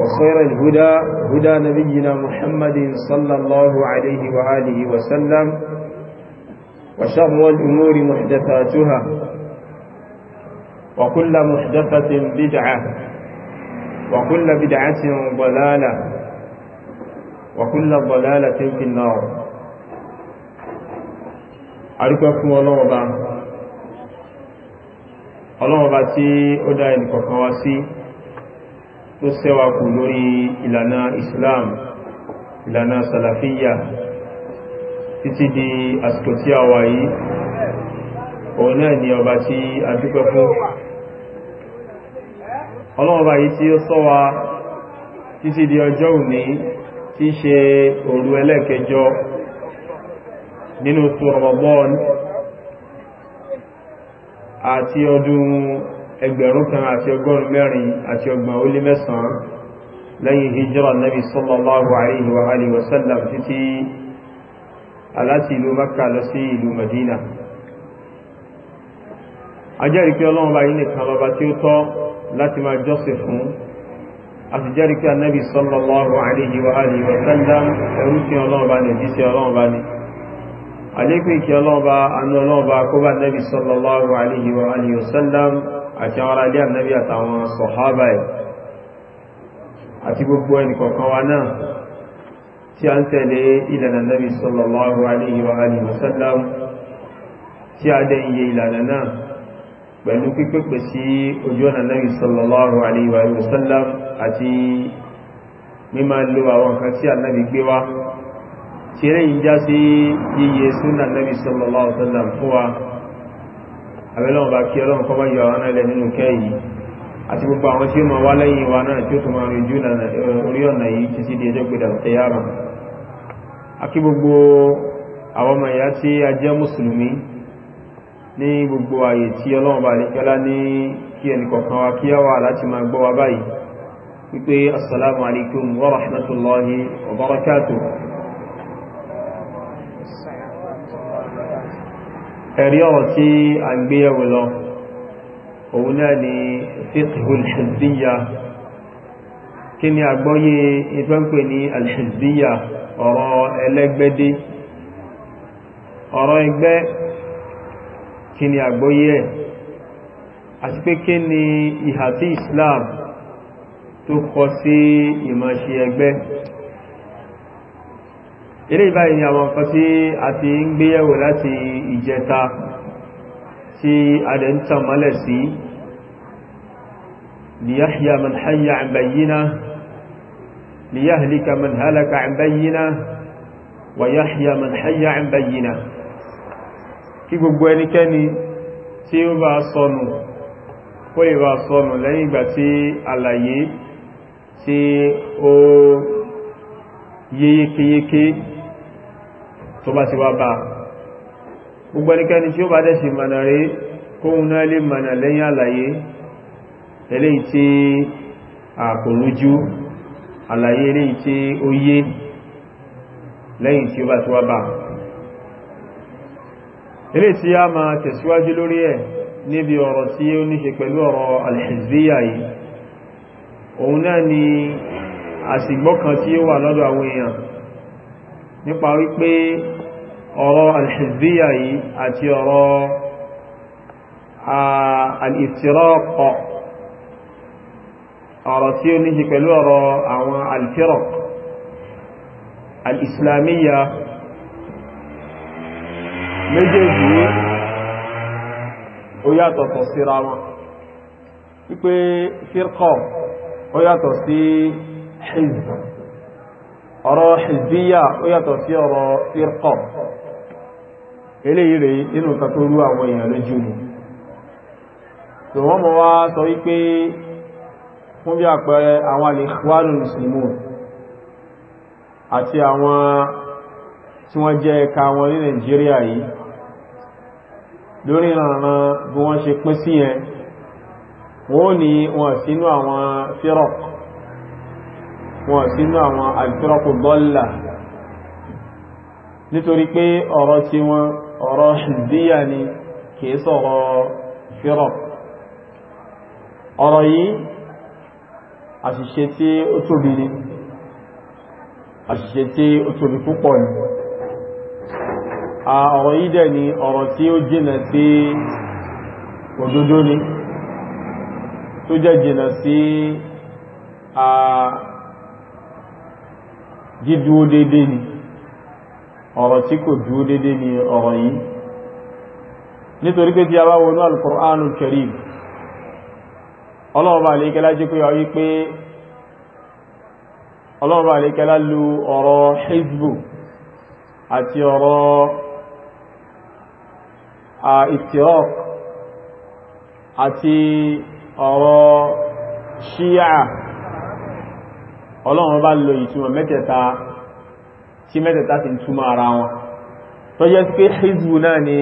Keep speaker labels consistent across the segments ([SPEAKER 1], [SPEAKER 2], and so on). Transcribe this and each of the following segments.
[SPEAKER 1] وخير الهدى هدى نبينا محمد صلى الله عليه وآله وسلم وشر الأمور محدثاتها وكل محدثة بدعة وكل بدعة ضلالة وكل ضلالة في النار أركبكم الله أبا الله أبا تي أدعي لكم tó ṣẹ́wàkù lórí ìlànà Islam ìlànà salafiyya títí di àsìkò tí a wà yìí òun náà ni ọba tí a dúpẹ́ fún ọlọ́ọ̀bá yìí tí ó sọ títí di ọjọ́ òní tí ṣe òru ẹlẹ́kẹjọ nínú oṣù Ramadan àti ọdún ẹgbẹ̀rún kan àti ọgọ́rùn mẹ́rin àti ọgbọ̀n ó lé mẹ́sàn-án lẹ́yìn hijira nabi sallallahu alaihi wa alihi wasallam títí aláti ìlú makka lọ sí ìlú madina a jẹ́rìí pé ọlọ́run bá yí nìkan lọ́ba tí ó tọ́ láti máa jọ́sìn fún a ti jẹ́rìí pé anábi sallallahu alaihi wa alihi wasallam ẹrú sí ọlọ́run bá ní jíṣẹ́ ọlọ́run bá ní àlékún ìkẹ́ ọlọ́run anú ọlọ́run kó bá anábi sallallahu alaihi wa alihi wasallam àti àwọn ará ilé ànábì àtàwọn sọ̀hábà ẹ̀ àti gbogbo ẹnìkọ̀ọ̀kan wa náà tí a ń tẹ̀lé ìlànà ànábì sallallahu alaihi wa alihi wa sallam tí a dẹ̀ iye ìlànà náà pẹ̀lú pípẹ́pẹ́ sí ojú tí ànábì yìí já sí yíye súnà ànábì sallallahu alaihi fún wa abẹ́lọ́wọ́ bá kí ọlọ́run kọ́ bá yọ àwọn ẹlẹ́ nínú kẹ́ yìí àti gbogbo àwọn tí ó máa wá lẹ́yìn wa náà tí ó tún máa rí jù eh, orí ọ̀nà yìí títí di ẹjọ́ gbẹ̀dà tẹ́yàmà àkí gbogbo àwọn ọmọ ìyá tí a jẹ́ mùsùlùmí ní gbogbo ààyè tí ọlọ́run bá nìkẹ́lá ní kí ẹnìkọ̀kan wa kí á wà assalamu alaikum wa rahmatullahi ẹ̀rí ọ̀rọ̀ tí a gbé ẹ̀rọ lọ òun náà ni fiqhu al-hizbiyya kí ni àgbọ́yé ìfẹ́ǹpẹ̀ ní al-hizbiyya ọ̀rọ̀ ẹlẹ́gbẹ́dé ọ̀rọ̀ ẹgbẹ́ kí ni àgbọ́yé àti pé kí ni ìhà tí Islam tó kọ sí ìmọ̀ṣe ẹgbẹ́ ilé ìbáyìí ni àwọn nǹkan tí a ti ń gbéyẹ̀wò láti ìjẹta tí a lè ń tàn mọ́lẹ̀ sí liyahya man hayya an bayyina liyahlika man halaka an bayyina wa kí gbogbo ẹnikẹ́ni tí ó bá sọnù kó ìbá sọnù lẹ́yìn ìgbà tí àlàyé tí ó yéyékéyéké tó bá ti wá bá gbogbo ẹnikẹ́ni tí ó bá dẹ̀ sí mọ̀nà rí kóhun náà lè mọ̀nà lẹ́yìn àlàyé eléyìí tí àkòrújú àlàyé eléyìí tí ó yé lẹ́yìn tí ó bá ti wá bá eléyìí tí a máa tẹ̀síwájú lórí ẹ̀ níbi ọ̀rọ̀ tí ó ní ṣe pẹ̀lú ọ̀rọ̀ alhizbiya yìí òun náà ni àsìgbọ́kan tí ó wà lọ́dọ̀ àwọn èèyàn nípa wípé ọ̀rọ̀ alhizbiya yìí àti ọ̀rọ̀ al-iftiraq ọ̀rọ̀ tí ó níṣe pẹ̀lú ọ̀rọ̀ àwọn al-firaq al-islamiyya méjèèjì ó yàtọ̀tọ̀ síra wọn wípé firqa ó yàtọ̀ sí hizb ọ̀rọ̀ hizbiyya ó yàtọ̀ sí ọ̀rọ̀ irkọ̀ eléyìí rẹ̀ inú kan tó rú àwọn èèyàn lójú mú tó wọ́n mọ̀ wá sọ wípé fún bí àpẹẹrẹ àwọn al-Ikhwanul Muslimun àti àwọn tí wọ́n jẹ́ ẹ̀ka wọn ní Nàìjíríà yìí lórí ìrànà bí wọ́n ṣe pín sí yẹn wọ́n ní wọn sínú àwọn fírọ̀kù wọn sínú àwọn alfiraqu dalla nítorí pé ọ̀rọ̀ tí wọn ọ̀rọ̀ hizbiyya ni kìí sọ̀rọ̀ firaq ọ̀rọ̀ yìí àṣìṣe tí ó tóbi ni àṣìṣe tí ó tóbi púpọ̀ ni ọ̀rọ̀ yìí dẹ̀ ni ọ̀rọ̀ tí ó jìnà sí òdodo ni tó jẹ́ jìnà sí dídúó dédé ni ọ̀rọ̀ tí kò dúó dédé ni ọ̀rọ̀ yìí nítorí pé tí a bá wọnú alkùránù karim ọlọ́ọ̀bà àlékẹ́lá jẹ́ pé ọ yí pé ọlọ́ọ̀bà àlékẹ́lá lu ọ̀rọ̀ hezbo àti ọ̀rọ̀ ìtìrọ́k àti ọ̀rọ̀ shia ọlọ́run bá lo ìtumọ̀ mẹ́tẹ̀ẹ̀ta tí mẹ́tẹ̀ẹ̀ta ti ń túmọ̀ ara wọn tó jẹ́ pé hizbu náà ni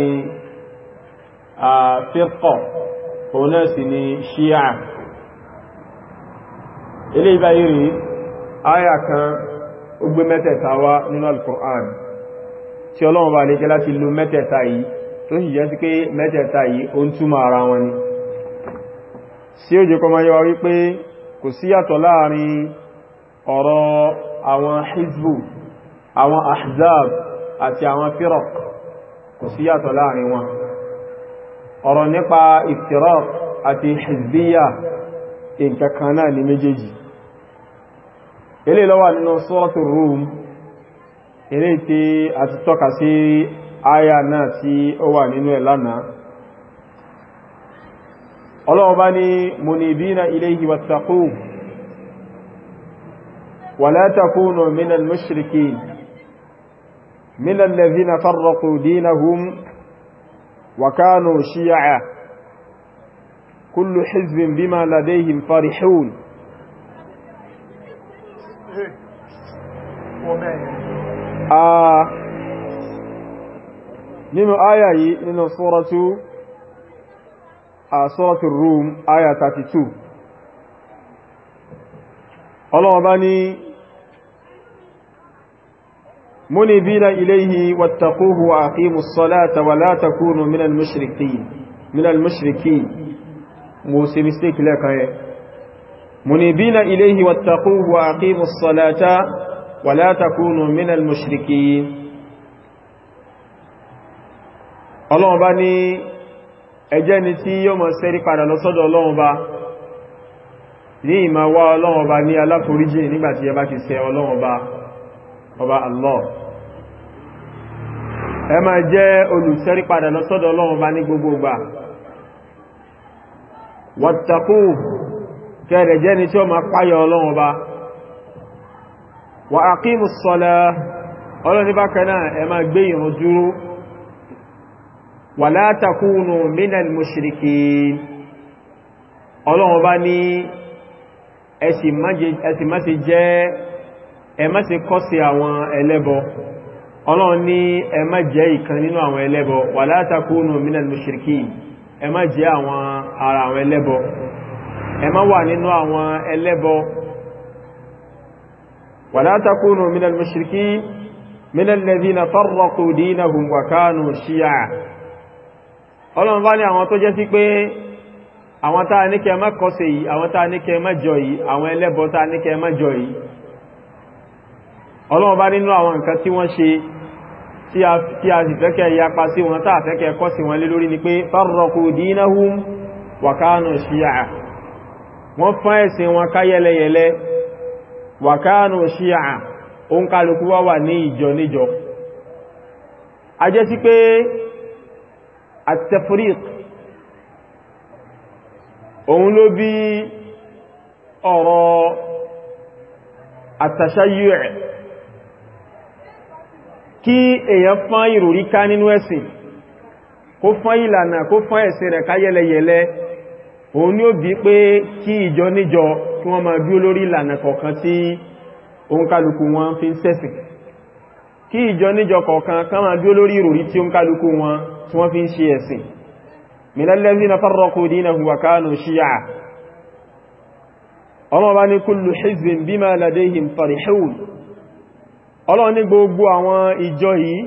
[SPEAKER 1] firqa òun náà sì ni shia ilé ìbáyé rí áyà kan ó gbé mẹ́tẹ̀ẹ̀ta wá nínú al-Qur'an tí ọlọ́run bá lè jẹ́ láti lo mẹ́tẹ̀ẹ̀ta yìí tó sì jẹ́ sí pé mẹ́tẹ̀ẹ̀ta yìí ó ń túmọ̀ ara wọn ni sí òjò kọmọ yọ wípé kò síyàtọ̀ láàrin ọ̀rọ̀ àwọn hizbu àwọn ahzab àti àwọn firaq kò sí yàtọ̀ láàrin wọn ọ̀rọ̀ nípa iftiraq àti hizbiya nǹkankan náà ni méjèèjì ilé lọ́wà nínú suratul rum ilé tí a ti tọ́ka sí aya náà tí ó wà nínú ẹ̀ lánàá ọlọ́wọ́ bá ní munibina ilayhi wattaqu ولا تكونوا من المشركين من الذين فرقوا دينهم وكانوا شيعا كل حزب بما لديهم فرحون nínú àyà yìí nínú sọ́rọ̀tú a sọ́rọ̀tú Rum àyà 32 ọlọ́wọ́ bá ní منيبين إليه واتقوه وأقيموا الصلاة ولا تكونوا من المشركين من المشركين موسى مستيك لك منيبين إليه واتقوه وأقيموا الصلاة ولا تكونوا من المشركين Ọlọ́run bá ní ẹjẹ́ ni tí yóò mọ̀ sẹ́rí padà lọ sọ́dọ̀ Ọlọ́run bá ní ìmọ̀ wá Ọlọ́run bá ní aláforíjì nígbàtí ẹ ti ṣẹ̀ Ọlọ́run bá ọba Allah ẹ máa jẹ́ olùsẹ́rí padà lọ sọ́dọ̀ ọlọ́run bá ní gbogbo gbà wàtàkù kẹrẹ̀ jẹ́ ni tí ó máa páyọ ọlọ́run bá wà àkímù sọ́lá ọlọ́ni bákaná ẹ máa gbé ìrun dúró wà látàkùnù mínal mushrikin ọlọ́run bá ní ẹ̀sìn má jẹ́ ẹ má ṣe kọ́ sí àwọn ẹlẹ́bọ ọlọ́run ní ẹ má jẹ́ ìkan nínú àwọn ẹlẹ́bọ wala takunu minal mushrikin ẹ má jẹ́ àwọn ara àwọn ẹlẹ́bọ ẹ má wà nínú àwọn ẹlẹ́bọ wala takunu minal mushrikin minal ladhina farraqu dinahum wa kanu shi'a ọlọ́run bá ní àwọn tó jẹ́ sí pé àwọn táa ní kẹ má kọ́ sí yìí àwọn ọlọ́run bá nínú àwọn nǹkan tí wọ́n ṣe tí a sì fẹ́kẹ́ yapa sí wọn tàà fẹ́kẹ́ kọ́ sí wọn lé lórí ni pé farraqu dinahum wa kanu shi'a wọ́n fán ẹ̀sìn wọn ká yẹlẹyẹlẹ wa kanu shi'a ó wá wà ní ìjọ níjọ a kí èyàn fán ìròrí ká nínú ẹ̀sìn kó fán ìlànà kó fán ẹ̀sìn rẹ̀ káyẹlẹyẹlẹ òun ni ó bí pé kí ìjọ níjọ kí wọ́n máa dúró lórí ìlànà kọ̀ọ̀kan tí oúnkálukú wọn fi ń ṣẹ̀sìn kí ìjọ níjọ kọ̀ọ̀kan ká máa dúró lórí ìròrí tí oúnkálukú wọn tí wọ́n fi ń ṣe ẹ̀sìn minallazina farraqu dinahum wa kanu shi'a ọmọ bá ní kullu hizbin ọlọ́run ní gbogbo àwọn ìjọ yìí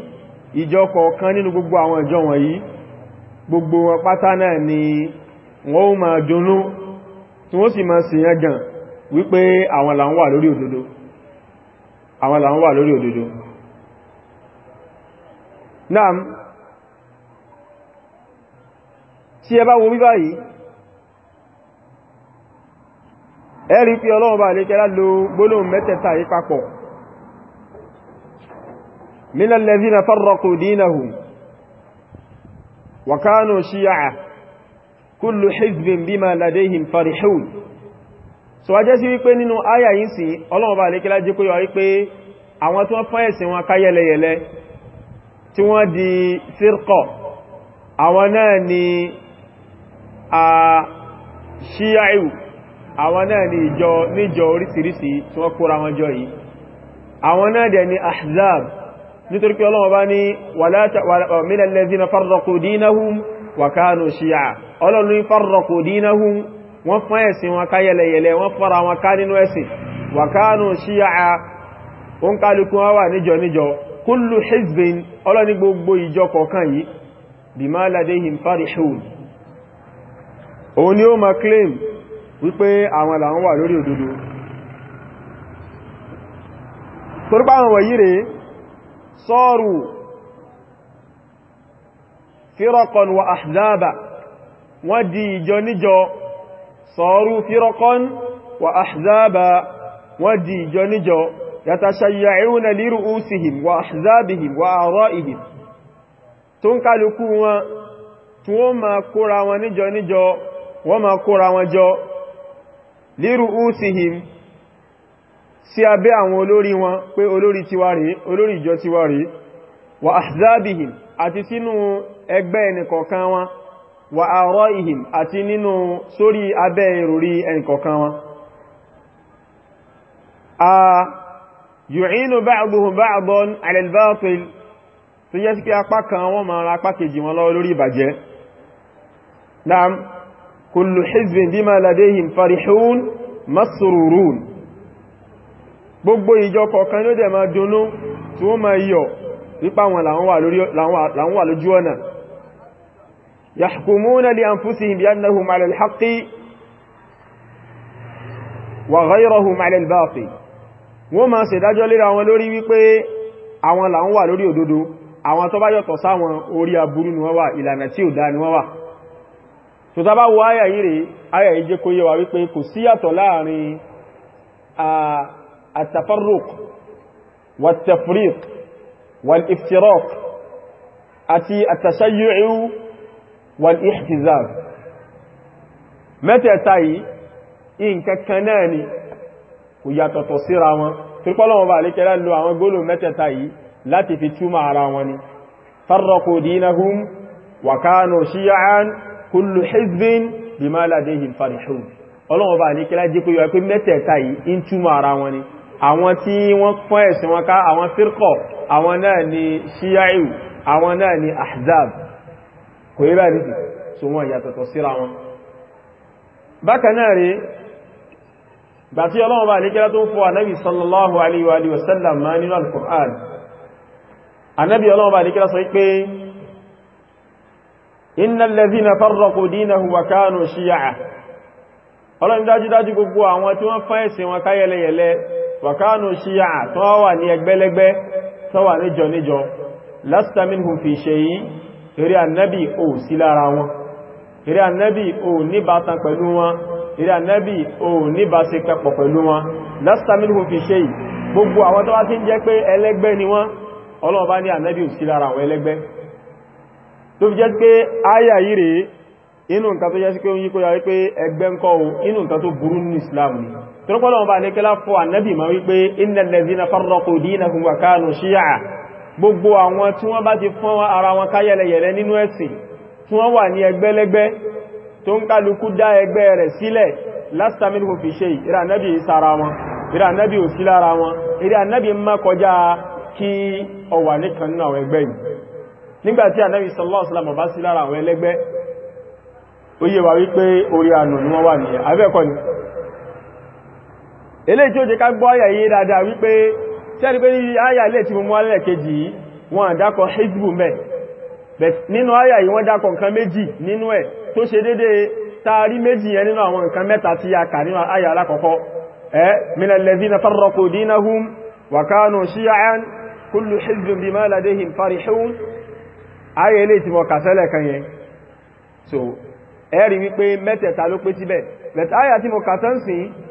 [SPEAKER 1] ìjọ kọ̀ọ̀kan nínú gbogbo àwọn ìjọ wọ̀nyí gbogbo pátá náà ni wọ́n ó máa dunnú tí wọ́n sì máa sìyàn gàn wípé àwọn là ń wà lórí òdodo àwọn là ń wà lórí òdodo naam tí ẹ bá wo wíbá yìí ẹ rí pé ọlọ́run bá lè kẹ́lá lo gbólóhùn mẹ́tẹ̀ẹ̀ta yìí papọ̀ من الذين فرقوا دينهم وكانوا شيعا كل حزب بما لديهم فرحون so wá jẹ́ sí wípé nínú àyà yìí sí ọlọ́run bá lékẹ́lá jẹ́ kó yọ wípé àwọn tí wọ́n fọ́ ẹ̀sìn wọn ká yẹlẹyẹlẹ tí wọ́n di sírkọ̀ àwọn náà ni a ṣíyàíwù àwọn náà ni ìjọ níjọ orísìírísìí tí wọ́n kóra wọn jọ yìí àwọn náà dẹ̀ ni ahzab nítorí pé ọlọ́wọ́ bá ní min alladhina farraqu dinahum wa kanu shi'a ọlọ́run ní farraqu dinahum wọ́n fún ẹ̀sìn wọn ká yẹlẹyẹlẹ wọ́n fara wọn ká nínú ẹ̀sìn wa kanu shi'a ó ń kálukú wọn wà níjọ níjọ kullu hizbin ọlọ́ni gbogbo ìjọ kọ̀ọ̀kan yìí bima torípa àwọn wọ̀nyí rèé صاروا فرقا وأحزابا ودي جنجو صاروا فرقا وأحزابا ودي جنجو يتشيعون لرؤوسهم وأحزابهم وأعرائهم تنكالكوا توما كرا ونجو نجو وما كرا وجو لرؤوسهم sí abẹ́ àwọn olórí wọn pé olórí tiwa rèé olórí ìjọ wa ahzabihim àti sínú ẹgbẹ́ ẹnìkọ̀ọ̀kan wọn wa ihim àti nínú sórí abẹ́ ìròrí ẹnìkọ̀ọ̀kan wọn a yu'inu ba'duhum ba'dan 'ala al-batil tó yẹ́ sí pé apá kan wọ́n ra apá kejì wọn lọ́wọ́ lórí ìbàjẹ́ kullu hizbin bima ladayhim farihun masrurun gbogbo ìjọ kọ̀ọ̀kan ló dẹ̀ máa dùnnú tí wọ́n máa yọ̀ nípa wọn làwọn wà lójú ọ̀nà yahkumuna li anfusihim bi annahum ala al-haqqi wa ghayrahum ala al-batil wọ́n máa ṣe dájọ́ lé àwọn lórí wípé àwọn làwọn wà lórí òdodo àwọn tó bá yọ̀tọ̀ sáwọn orí aburú ni wọ́n wà ìlànà tí ò dá ni wọ́n wà tó tá bá wo àyà yìí rèé àyà yìí jẹ́ kó yé wa wípé kò síyàtọ̀ láàrin ah, التفرق والتفريق والافتراق أتي التشيع والاحتزاب متى تاي إن ككناني وياتو سيرا wọn tí pọ́lọ̀wọ̀n bá lè kẹ́lá lò àwọn gbólò mẹ́tẹ̀ta yìí láti fi túmọ̀ ara wọn ni farraqu dinahum wa kanu shi'an kullu hizbin bima ladayhim farihun ọlọ́wọ̀n bá lè kẹ́lá jíkú yọ pé mẹ́tẹ̀ta yìí in túmọ̀ ara wọn ni àwọn tí wọ́n pọ́n ẹ̀sìn wọn ká àwọn fírkọ̀ àwọn náà ni shiya'iw àwọn náà ni ahzab kò yí báyìí sí so wọ́n yàtọ̀tọ̀ síra wọn bákan náà rí gbà tí ọlọ́wọ́ bá nígbà tó ń fọ́ anábì sallallahu alaihi wa sallam ọlọ́run dájúdájú gbogbo àwọn tí wọ́n fẹ́ wọn káyẹlẹyẹlẹ wàkánù ṣíyà tó wà ní ẹgbẹ́lẹ́gbẹ́ tó wà níjọ níjọ lástamin hù fi ṣe yí eré annabi o sí lára wọn eré annabi ò níbátan pẹ̀lú wọn eré annabi ò níbáse pẹ̀pọ̀ pẹ̀lú wọn lástamin hù fi ṣe yí gbogbo àwọn tó wá ti ń jẹ́ pé ẹlẹ́gbẹ́ ni wọ́n ọlọ́ọ̀bá ní annabi ò sí lára àwọn ẹlẹ́gbẹ́ tó fi jẹ́ pé áyà yìí rèé inú nǹkan tó jẹ́ sí pé ó yí kó yà wípé ẹgbẹ́ ń kọ́ ohun inú nǹkan tó burú ní Islam ni tọ́lọ́pọ̀lọ́ ọba alékẹ́lá fọ́ ànábì ma wípé innal ladhina farraqu dinahum wa kanu shi'a gbogbo àwọn tí wọ́n bá ti fọ́n ara wọn káyẹlẹyẹlẹ nínú ẹ̀sìn tí wọ́n wà ní ẹgbẹ́lẹ́gbẹ́ tó ń kálukú dá ẹgbẹ́ rẹ̀ sílẹ̀ lasta minhu fi shay ìrà ànábì ìsára wọn ìrà ànábì ò sí lára wọn ìrà ànábì má kọjá kí ni wọ́n eléyìí tí ó jẹ́ ká gbọ́ ayà yìí dáadáa wípé tẹ́rì pé ní ayà ilé tí mo mú alẹ́ kejì yìí wọ́n àdákọ̀ hezbo mẹ́ nínú ayà yìí wọ́n dákọ̀ nǹkan méjì nínú ẹ̀ tó ṣe dédé taari méjì yẹn nínú àwọn nǹkan mẹ́ta tí a kà nínú ayà alákọ̀ọ́kọ́ ẹ́ min alladhina farraqu dinahum wa kanu shi'an kullu hizbin bima ladayhim farihun ayà ilé tí mo kà sẹ́lẹ̀ kan yẹn so ẹ wípé mẹ́tẹ̀ẹ̀ta ló pé síbẹ̀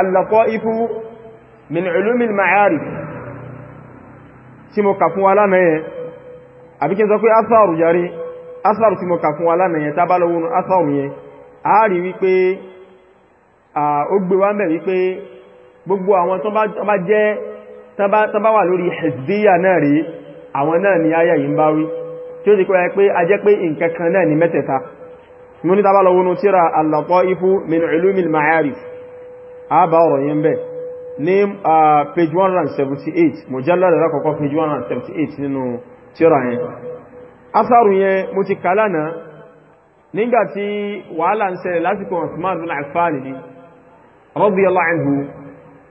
[SPEAKER 1] اللطائف من علوم المعارف tí mo kà fún wa lánàá yẹn àbí kí n sọ pé asáàrù yàrí asáàrù tí mo kà fún wa lánàá yẹn tábá lọ́wọ́ nù asáàrù yẹn a rí wípé ó gbé wá mẹ́ wípé gbogbo àwọn tó bá jẹ́ tó bá wà lórí hezbiya náà rí àwọn náà ni ayá yìí ń bá wí tí ó ti pé a jẹ́ pé nǹkan náà ni mẹ́tẹ̀ta mo ní tábá lọ́wọ́ nù tíra al-Lataifu min ulumil ma'arif a bá ọ̀rọ̀ yẹn bẹ́ ní page 178 mujallad lákọ̀ọ́kọ́ page 178 nínú tírà yẹn asáàrù yẹn mo ti kàlánà nígbàtí wàhálà ń ṣẹlẹ̀ lásìkò Usman bin ni radiyallahu anhu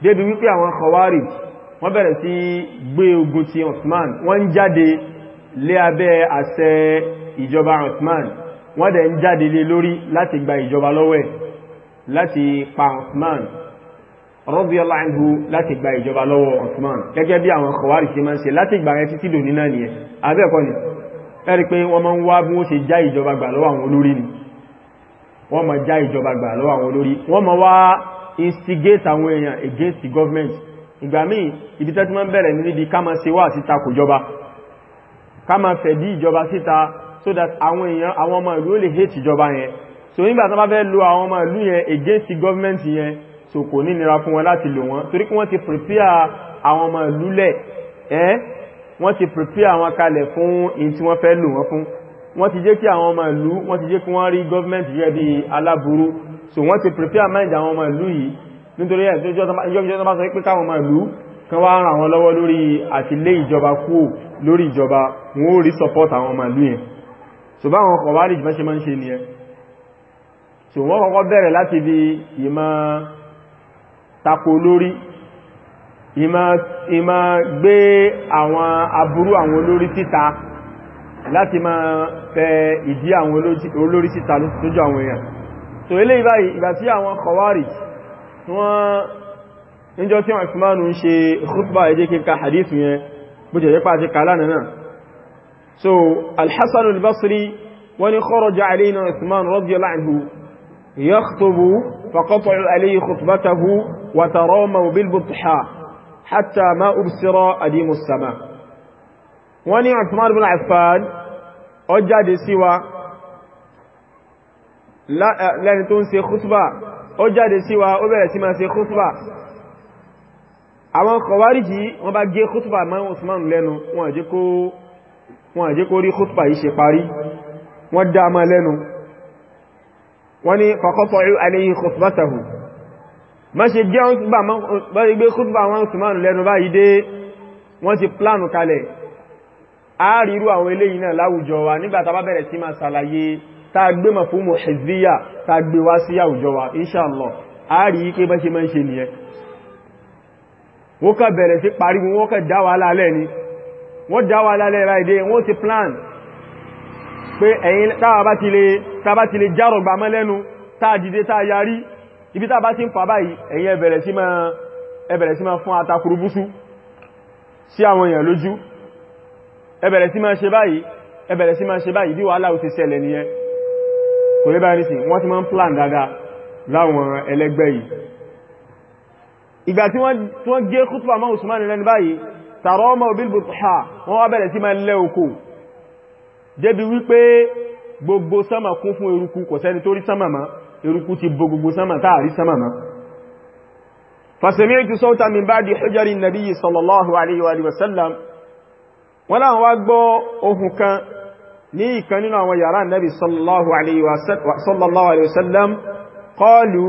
[SPEAKER 1] débi wípé àwọn Khawarij wọ́n bẹ̀rẹ̀ sí gbé ogun ti Usman wọ́n jáde lé abẹ́ àṣẹ ìjọba Usman wọ́n dẹ̀ ń jáde lé lórí láti gba ìjọba lọ́wọ́ ẹ̀ láti pa Usman radiyallahu anhu láti gba ìjọba lọ́wọ́ Osman gẹ́gẹ́ bí àwọn kọwàrí sí máa ń ṣe láti gbà rẹ títí dòní náà nìyẹn abẹ́ẹ̀kọ́ ni ẹ̀rí pé wọ́n máa ń wá bí wọ́n ṣe já ìjọba gbà lọ́wọ́ àwọn olórí instigate àwọn èèyàn against the government ìgbà míì ibi tẹ́tí máa ń bẹ̀rẹ̀ ní níbi ká so that àwọn èèyàn àwọn ọmọ ìlú hate ìjọba yẹn so nígbà tó bá fẹ́ lo àwọn ọmọ ìlú yẹn against the government yẹn so kò ní nira fún wọn láti lò wọn torí kí wọ́n ti prepare àwọn ọmọ ìlúlẹ̀ ẹ́ wọ́n ti prepare àwọn kalẹ̀ fún in tí wọ́n fẹ́ lò wọn fún wọ́n ti jẹ́ kí àwọn ọmọ ìlú wọ́n ti jẹ́ kí wọ́n rí gọ́ọ̀mẹ́ntì yẹ́ bí aláburú so wọ́n ti prepare mind àwọn ọmọ ìlú yìí nítorí ẹ̀ tó jọ́ tó bá sọ pé káwọn ọmọ ìlú kan wá ràn wọ́n lọ́wọ́ lórí àti lé ìjọba kúò lórí ìjọba wọn ó rí support àwọn ọmọ ìlú yẹn so bá wọn kọ̀ wá rí ìjọba ṣe máa ń tako olórí ìmá gbé àwọn aburú àwọn olórí síta láti máa fẹ ìdí àwọn olórí síta lójú àwọn èèyàn so eléyìí báyìí ìgbà tí àwọn Khawarij wọ́n níjọ́ tí wọ́n ìsìnmánu ń ṣe khutba ẹjẹ́ kíkà hadithu yẹn bó jẹ́ yẹ́pá àti kàlánà náà so alhassan al-basri wọ́n ni kharaja alayna ìsìnmánu radiyallahu anhu yakhtubu faqata'u alayhi khutbatahu وتراموا بالبطحاء حتى ما أبصر أديم السماء واني عثمان بن عفان أجاد سوى لا لن تنسي خطبة أجاد سوى أبرة ما سي خطبة àwọn kọwàríjì wọ́n bá gé khutba ma Usman lẹ́nu wọ́n àjẹ́ kó rí khutba yìí ṣe ma ṣe jẹ́ wọn gbà bá gbé kútùbà wọn Usman lẹ́nu báyìí dé wọ́n ti plánù kalẹ̀ àárírú àwọn eléyìí náà láwùjọ wa nígbà tá bá bẹ̀rẹ̀ sí máa ṣàlàyé tá gbé mọ̀ fún mọ̀ṣẹ̀zíyà tá gbé wá sí àwùjọ wa inṣàlọ̀ ni wọ́n dá wa lálẹ́ báyìí dé wọ́n ti plan pé ẹ̀yin táwa bá ti lè járọ̀gbà mọ́ lẹ́nu táà dìde táà ibi tá bá ti ń fà báyìí ẹ̀yin ẹ bẹ̀rẹ̀ sí máa ẹ bẹ̀rẹ̀ sí máa fún atakurubúsú sí àwọn èèyàn lójú ẹ bẹ̀rẹ̀ sí máa ṣe báyìí ẹ sí máa ṣe báyìí bí wàhálà ó ti ṣẹlẹ̀ nìyẹn kò lè báyìí nìsìn wọ́n ti máa ń plan dada, láwọn ẹlẹ́gbẹ́ yìí ìgbà tí wọ́n gé kútùbà máa Usman lẹ́nu báyìí tààrọ ọmọ òbí bùtùhà wọ́n wá bẹ̀rẹ̀ sí máa lẹ́ oko débi eruku ti bo gbogbo sánmà táàrí sánmà ma fasami'tu sawtan min ba'di hujari nabi sallallahu alaihi wa sallam wọ́n láwọn wá gbọ́ ohun kan ní ìkan nínú àwọn yàrá nabi sallallahu alaihi wa sallam qalu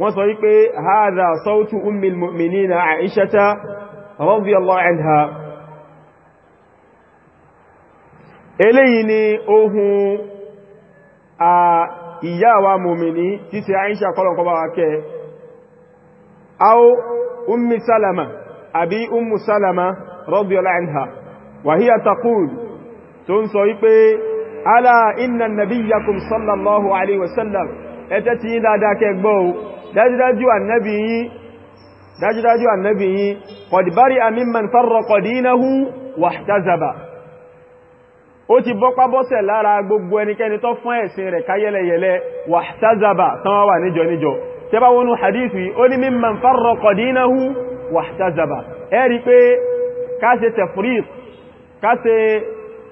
[SPEAKER 1] wọ́n sọ wípé hadha sawtu ummil mu'minina aishata radiyallahu anha eléyìí ni ohun a ìyá wa mùmìní tí ṣe Aisha kọlọ̀kọ́ bá wa kẹ́ au ummi salama àbí ummu salama radiyallahu anha wa hiya taqul tó ń sọ wípé ala inna nabiyyakum sallallahu alaihi wasallam ẹtẹ́ ti yí dáadáa kẹgbọ́ dájúdájú annabi yí dájúdájú annabi yí qad bari'a mimman ó ti bọ́pá bọ́sẹ̀ lára gbogbo ẹnikẹ́ni tó fún ẹ̀sìn rẹ̀ káyẹlẹyẹlẹ wàhtazaba tán wà níjọ níjọ tẹ́ bá wọnú hadithi ó ní mimman farraqa dinahu wàhtazaba ẹ rí pé ká ṣe tafriq ká ṣe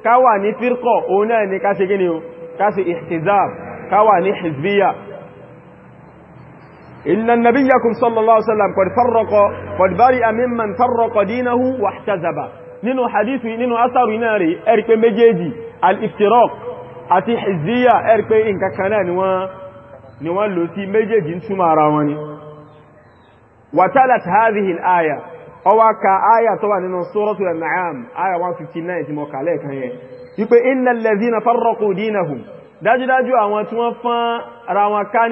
[SPEAKER 1] ká wà ní firqa òun náà ni ká ṣe gíní o ká ṣe ihtizab nínú hadithu nínú asaru iná rẹ̀ ẹ̀rí pé méjèèjì al-iftiraq àti hizziya ẹ̀rí pé nkankaná ni wọ́n lò sí méjèèjì ń túnmà ara wọn ni watalat hadhihi al-aya ọwá ka aya tó wà nínú suratul an'am aya 159 tí mọ̀ kàlẹ̀ kan yẹ wípé innal ladhina farraqu dinahum dájúdájú àwọn tí wọ́n fán ara wọn ká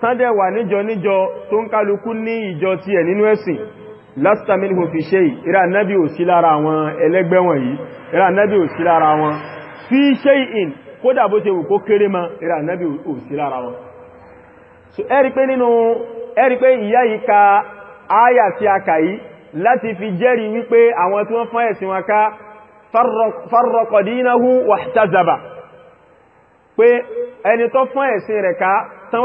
[SPEAKER 1] tán dẹ̀ wà níjọ níjọ tó ń kálukú ní ìjọ tiẹ̀ nínú ẹ̀sìn lasta minhu fi shay ira nabi ò sí lára àwọn ẹlẹ́gbẹ́ wọ̀nyí ira nabi ò sí lára wọn fi shay'in kódà bó ṣe wù kó kéré ma ira nabi ò sí lára wọn so ẹ̀rí pé nínú ẹ̀rí pé ìyá yìí ka áyà tí a kà yìí láti fi jẹ́rìí wípé àwọn tí wọ́n fọ́n ẹ̀sìn wọn ká farraqa dinahu wahtazaba pé ẹni tó fọ́n ẹ̀sìn rẹ̀ ká tán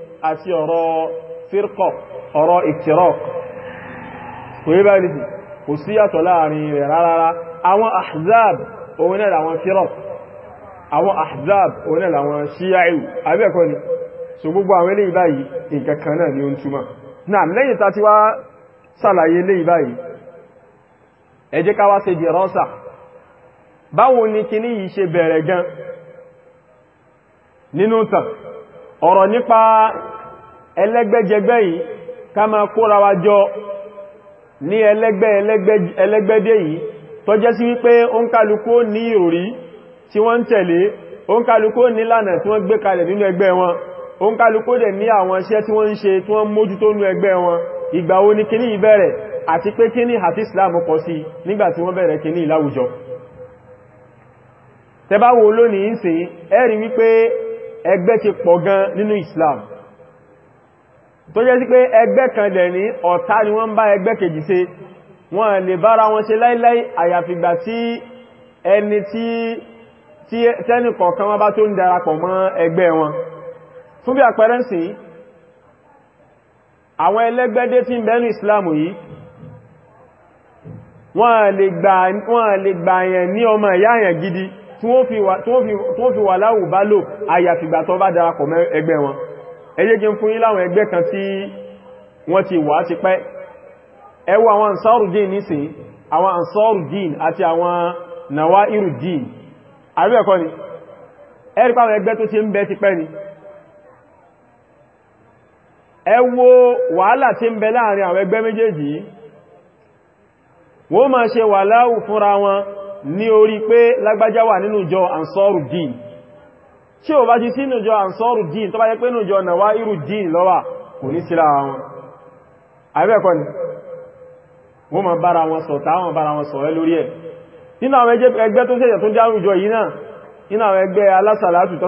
[SPEAKER 1] àti ọ̀rọ̀ firkọ̀ ọ̀rọ̀ ìkìrọ̀k kò yí báyìí kò sí yàtọ̀ láàrin rẹ̀ rárá àwọn ahzab òun náà àwọn firkọ̀ àwọn ahzab òun náà àwọn shi'a'u abẹ́ẹ̀kọ́ ni so gbogbo àwọn eléyìí báyìí nǹkan kan náà ni ó ń túmọ̀ ọ̀rọ̀ nípa ẹlẹ́gbẹ́jẹgbẹ́ yìí ká máa kóra wa jọ ní ẹlẹ́gbẹ́ ẹlẹ́gbẹ́dé yìí tó jẹ́ sí wípé oǹkálukú ní ìròrí tí wọ́n ń tẹ̀lé oǹkálukú ní lànà tí wọ́n gbé kalẹ̀ nínú ẹgbẹ́ wọn oǹkálukú dẹ̀ ní àwọn iṣẹ́ tí wọ́n ń ṣe tí wọ́n mójútó nú ẹgbẹ́ wọn ìgbà wo ni kíní ìbẹ̀rẹ̀ àti pé kíní àti Islam kọ sí nígbà tí wọ́n bẹ̀rẹ̀ kíní ìláwùjọ tẹ́báwo lónìí ń ṣe ẹ́rí wípé ẹgbẹ́ ti pọ̀ gan nínú Islam tó jẹ́ sí pé ẹgbẹ́ kan dẹ̀ ní ọ̀tá ni wọ́n bá ẹgbẹ́ kejì ṣe wọ́n lè bára wọn ṣe láíláí àyàfìgbà tí ẹni tí tẹ́nì kọ̀ọ̀kan wọ́n bá tó ń darapọ̀ mọ́ ẹgbẹ́ wọn fún bí àpẹẹrẹ sí àwọn ẹlẹ́gbẹ́dé tí ń bẹ́nu Islam yìí wọ́n lè gbà yẹn ní ọmọ ìyá yẹn gidi tí wọ́n fi wà láwù bá lò àyàfìgbà tó bá darapọ̀ mẹ́ ẹgbẹ́ wọn ẹ jẹ́ kí n fún yín láwọn ẹgbẹ́ kan tí wọ́n ti wà ti pẹ́ ẹ wo àwọn ansáàrù dín nísìn àwọn ansáàrù dín àti àwọn nàwá irù dín àrí ẹ̀kọ́ ni ẹ rí ní orí pé lágbájá wà nínú ìjọ ansọ́rù dín tí ó bá jí sínú ìjọ ansọ́rù dín tó bá yẹ pé nínú ìjọ nàwá irú dín lọ́wà kò ní síra wọn àìbẹ̀kọ́ ni wọ́n ma bára wọn sọ táwọn bára wọn sọ̀rẹ́ lórí ẹ̀ nínú àwọn ẹgbẹ́ tó ṣẹ̀ṣẹ̀ tó dárú ìjọ yìí náà nínú àwọn ẹgbẹ́ alásàlátù tó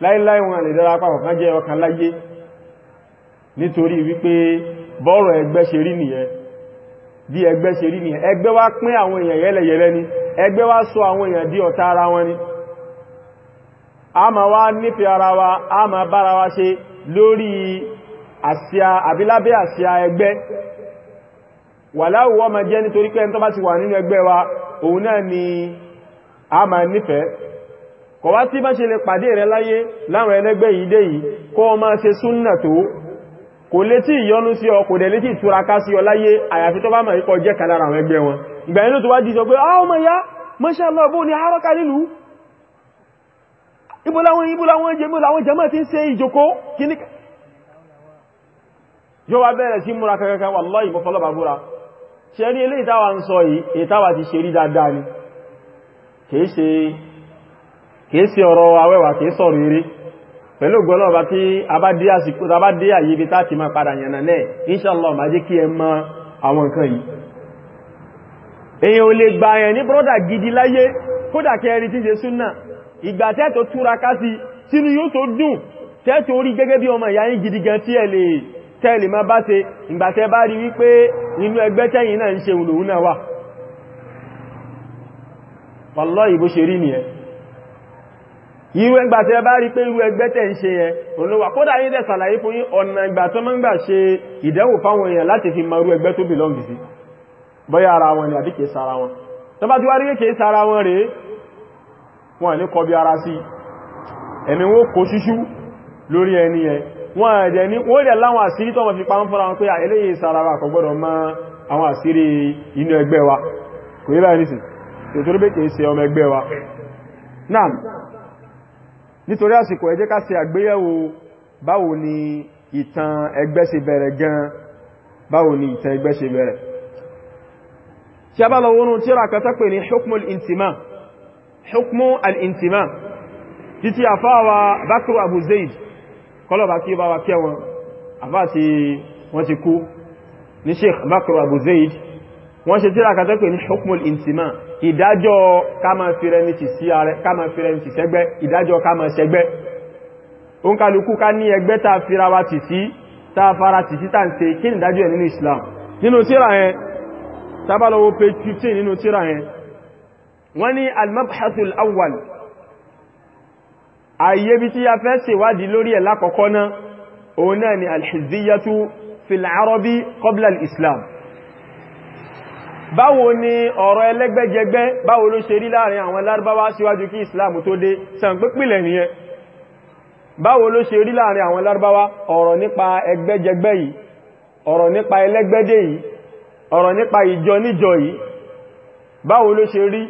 [SPEAKER 1] láíláí wọn lè dára pàpọ̀ kan jẹ́ ọkàn láyé nítorí wípé bọ́ọ̀rọ̀ ẹgbẹ́ ṣe rí nìyẹn bí ẹgbẹ́ ṣe rí nìyẹn ẹgbẹ́ wá pín àwọn èèyàn yẹ́lẹ̀yẹ́lẹ́ ni ẹgbẹ́ wá sọ àwọn èèyàn di ọ̀tá ara wọn ni a ma wá nífẹ̀ẹ́ ara wa a ma bára wa ṣe lórí àsíá àbílábẹ́ àsíá ẹgbẹ́ wàláwọ́ ma jẹ́ nítorí pé ẹni tó bá ti wà nínú ẹgbẹ́ wa òun náà ni a ma nífẹ̀ẹ́ kọ̀ wá tí bá ṣe lè pàdé rẹ láyé láwọn ẹlẹ́gbẹ́ yìí dé yìí kọ́ ọ máa ṣe súnnà tó kò lè tí ìyọnu sí ọ kò dẹ̀ lè tí ìtúraká sí ọ láyé àyàfi tó bá mọ̀ jẹ́ kan àwọn ẹgbẹ́ wọn ìgbà inú tó wá jí pé ah ní ibo láwọn ibo láwọn jẹ́ mọ́ láwọn jẹ́mọ́ tí ń ṣe ìjòkó kíní yóò wá bẹ̀rẹ̀ sí múra kankan wallahi mo fọ́lọ́bà ilé ìtawà ń sọ yìí ìtawà ti ṣe rí dáadáa ni kìí ṣe kìí esi ọ̀rọ̀ awẹ́wà kìí sọ̀rọ̀ eré pẹ̀lú ògbọ́n ọba tí a bá dé àsìkò tí a bá dé àyè ibi máa padà yànnà náà inshallah máa jẹ́ kí ẹ mọ̀ àwọn nǹkan yìí ò gba ẹ̀ ní brọ́dà gidi láyé kódà kẹrì tí jẹ súnà ìgbà tẹ́tò túra kásí sínú yóò tó dùn tẹ́tò orí gẹ́gẹ́ bí ọmọ ìyá yín gidi gan tí ẹ lè máa bá ṣe ìgbà tẹ́ bá irú ẹgbà tẹ bá rí pé irú ẹgbẹ́ tẹ̀ ń ṣe yẹn olówà kódà yín dẹ̀ sàlàyé fún yín ọ̀nà ìgbà tó máa ń gbà ṣe ìdẹ́wò fáwọn èèyàn láti fi mọ irú ẹgbẹ́ tó bìlọ́ǹgì sí bọ́yá ara wọn ni àbí kìí sara wọn tó bá ti wá rí kìí sara wọn rèé wọn ní kọbi ara sí ẹ̀mí wọn kò ṣíṣú nítorí àsìkò ẹ jẹ́ ká ṣe àgbéyẹ̀wò báwo ni ìtàn ẹgbẹ́ ṣe bẹ̀rẹ̀ gan báwo ni ìtàn ẹgbẹ́ ṣe bẹ̀rẹ̀ tí a bá lọ wọnú tírà kan tó pè ní hukmu al-intima hukmu al-intima títí wọ́n ṣe tíra kàtẹ́ pé ní hukmul intima ìdájọ́ ká máa fi rẹni tì sí ààrẹ ká máa fi rẹni tì sẹ́gbẹ́ ìdájọ́ ká máa ṣẹgbẹ́ o ń kálukú ká ní ẹgbẹ́ ta fira wa tì sí ta fara tì sí ta ń ṣe kí ní ìdájọ́ ẹ̀ nínú Islam nínú tíra yẹn tábàlọ́wọ́ page 15 nínú tíra yẹn wọ́n ní báwo ni ọ̀rọ̀ ẹlẹ́gbẹ́jẹgbẹ́ báwo ló ṣe rí láàrin àwọn lárúbáwá síwájú kí islam tó dé sàǹpípìlẹ̀ nìyẹn báwo ló ṣe rí láàrin àwọn lárúbáwá ọ̀rọ̀ nípa ẹgbẹ́jẹgbẹ́ yìí ọ̀rọ̀ nípa ẹlẹ́gbẹ́dé yìí ọ̀rọ̀ nípa ìjọ níjọ yìí báwo ló ṣe rí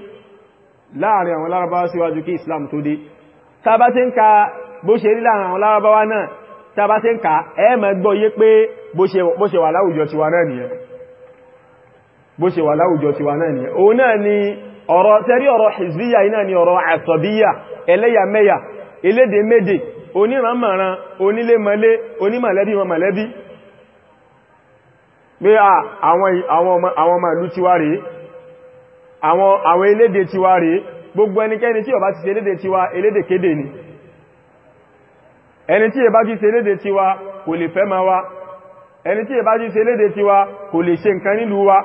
[SPEAKER 1] láàrin àwọn lárúbáwá síwájú kí islam tó dé tá bá ti ń ka bó ṣe rí láàrin àwọn lárúbáwá náà tá bá ti ń ka ẹ yé pé bó ṣe wà láwùjọ tiwa náà nìyẹn bó ṣe wà láwùjọ tiwa náà ni òun náà ni ọ̀rọ̀ tẹ́rí ọ̀rọ̀ hizbiya iná ni ọ̀rọ̀ àsọ̀bíyà ẹlẹ́yàmẹ́yà elédèmédè oníranmọ̀ran onílémọlé onímọ̀lẹ́bí wọn mọ̀lẹ́bí pé àwọn ọmọ ìlú tiwa rèé àwọn elédè tiwa rèé gbogbo ẹnikẹ́ni tí ó bá ti ṣe elédè tiwa elédè kéde ni ẹni tí ó bá ti ṣe elédè tiwa kò lè fẹ́ ma wa ẹni tí ó bá ti ṣe elédè tiwa kò lè ṣe nǹkan nílùú wa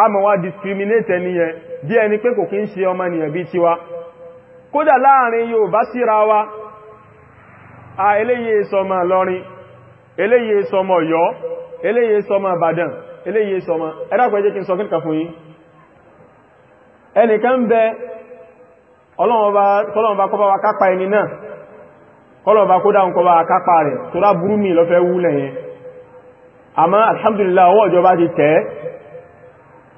[SPEAKER 1] a mọ̀ wá discriminate ẹniyẹn bí ẹni pé kò kí ń ṣe ọmọnìyàn bí tiwa kódà láàrin bá síra wa a eléyè e sọmọ lọrin eléyè e sọmọ yọ eléyè e sọmọ Ìbàdàn eléyè sọmọ ẹ̀dàpẹ́ jẹ́ kí n sọ kíkà fún yí ẹnìkan bẹ ọlọ́wọ́ba kọba wa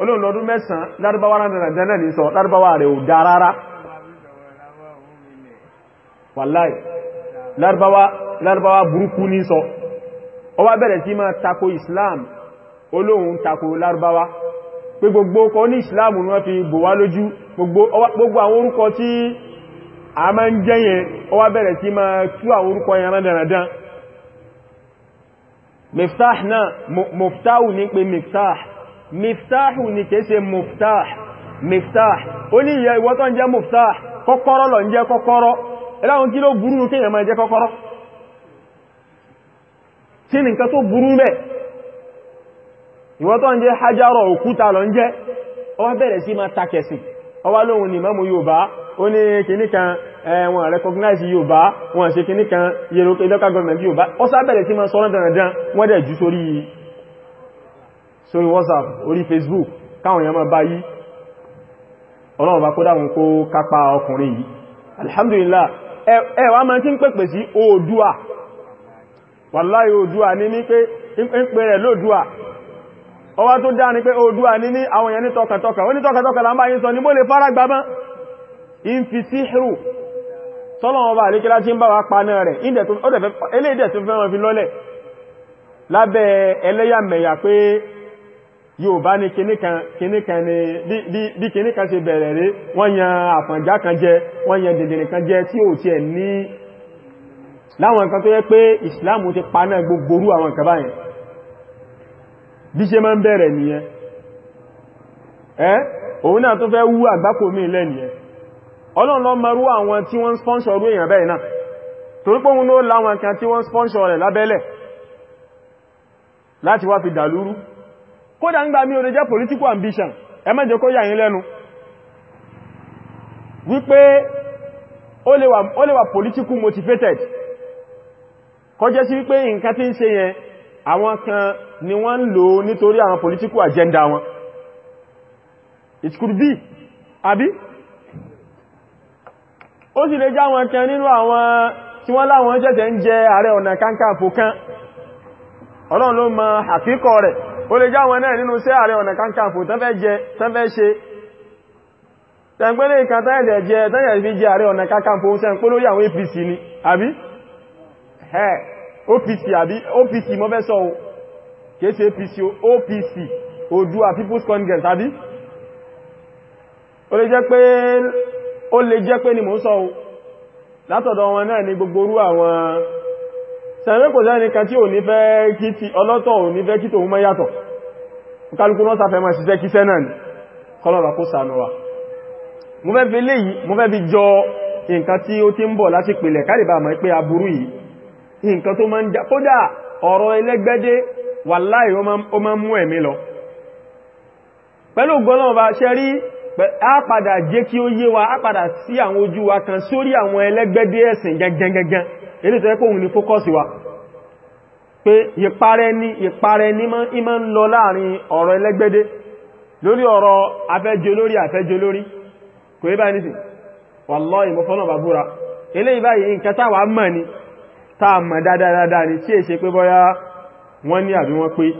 [SPEAKER 1] olóòlù ọdún mẹ́sàn lárúbáwá ránàdánà ní sọ lárúbáwá rẹ̀ ò dá rárá wàláì lárúbáwá burúkú ní sọ ó wá bẹ̀rẹ̀ sí máa tako islam olóhun tako lárúbáwá pé gbogbo kọ ní islam ní wọ́n fi bò wá lójú gbogbo àwọn orúkọ tí a máa ń jẹ́ yẹn wá bẹ̀rẹ̀ sí máa tú àwọn orúkọ yẹn ránàdánà miftah miftahu ni kìí ṣe muftah miftah ó ní ìyẹ ìwọ tó ń jẹ́ muftah kọ́kọ́rọ́ lọ ń jẹ́ kọ́kọ́rọ́ ẹláwọn kí ló burú ní kíyàn máa jẹ́ kọ́kọ́rọ́ tí ni nǹkan tó burú mẹ́ ìwọ tó ń jẹ́ hajarọ̀ òkúta lọ ń jẹ́ ó wá bẹ̀rẹ̀ sí máa takẹ̀sì ó wá lóhun ni mọ́mú Yorùbá ó ní kìníkan wọn recognize Yorùbá wọn ṣe kìníkan yẹ̀rọ local sórí whatsapp orí facebook káwọn èèyàn máa bá yí ọlọ́run bá kó dáhùn kó kápá ọkùnrin yìí alhamdulillah ẹ wá máa tí ń pèpè sí oòdúà wàláyé oòdúà ní ní pé ń pè rẹ̀ lóòdúà ọwá tó dá ní pé oòdúà ní ní àwọn èèyàn ní tọkàntọkà ó ní tọkàntọkà lámbá yí sọ ní bó lè fara gbámá in fi síhìrù tọ́lọ́wọ́n bá àríkílá tí ń bá wa pa náà rẹ̀ eléèdẹ̀ tó fẹ́ràn fi lọ́lẹ̀ lábẹ́ ẹlẹ́yàmẹ̀yà pé yóò bá ní kìníkan ní bí kìníkan ṣe bẹ̀rẹ̀ rí wọ́n yan àfànjá kan jẹ wọ́n yan dìndìnrìn kan jẹ tí ò tiẹ̀ ní láwọn nǹkan tó yẹ pé ìsìláàmù ti paná gbogbo àwọn nǹkan báyẹn bí ṣe máa ń bẹ̀rẹ̀ nìyẹn ẹ́ òun náà tó fẹ́ wú àgbákò àwọn tí wọ́n sponsor èèyàn bẹ́ẹ̀ na. láti wá fi dàlúrú kódà ń gba mi ò lè jẹ́ political ambition ẹ má jẹ́ kó yà yín lẹ́nu wípé ó lè wà ó lè wà political motivated sí wípé nǹkan tí ń ṣe yẹn àwọn kan ni wọ́n ń lò nítorí àwọn political agenda wọn it could be àbí ó sì lè já wọn kan nínú àwọn tí wọ́n láwọn ṣẹ̀ṣẹ̀ ń jẹ ààrẹ ọ̀nà kankanfò kan ọlọ́run ló mọ àfikọ́ rẹ̀ ó lè jáwọn náà nínú sí ààrẹ ọ̀nà kankanfò tán fẹ́ jẹ tán fẹ́ ṣe tẹ̀gbẹ́lẹ̀ ìkan tẹ́ẹ̀dẹ̀ jẹ tẹ́yẹ̀ fi jẹ ààrẹ ọ̀nà kankanfò ń sẹ́n pé lórí àwọn APC ni àbí ẹ̀ OPC àbí OPC mọ́ fẹ́ sọ kéèsì APC OPC Odua People's Congress àbí ó lè jẹ́ pé ó lè jẹ́ pé ni mò ń sọ látọ̀dọ̀ wọn náà ni gbogbo orú àwọn sẹ̀rẹ́ kò sẹ́ni kan tí ò ní fẹ́ kí ti ọlọ́tọ̀ ò ní fẹ́ kí tòun mẹ́yàtọ̀ kálukú náà sáfẹ́ máa ṣiṣẹ́ kí sẹ́nà ní kọlọ̀bà kó sànú wa mo fẹ́ fi lè yìí mo fẹ́ fi jọ nǹkan tí ó ti ń bọ̀ láti pìlẹ̀ kálìbà mọ̀ pé aburú wa á padà sí wa kan sórí àwọn ẹlẹ́gbẹ́dé ẹ̀sìn gangan ilé tó ẹ́kùn n'i fókọ́sì wa pé ìparẹ́ ní ìparẹ́ ní ìmọ̀ ń lọ láàrin ọ̀rọ̀ ẹlẹ́gbẹ́dé lórí ọ̀rọ̀ afẹ́jọ lórí afẹ́jọ lórí kò yí báyìí nìsìn wallahi mo bàbúra ilé ìbáyìí nǹkan táwà mọ̀ mọ̀ ni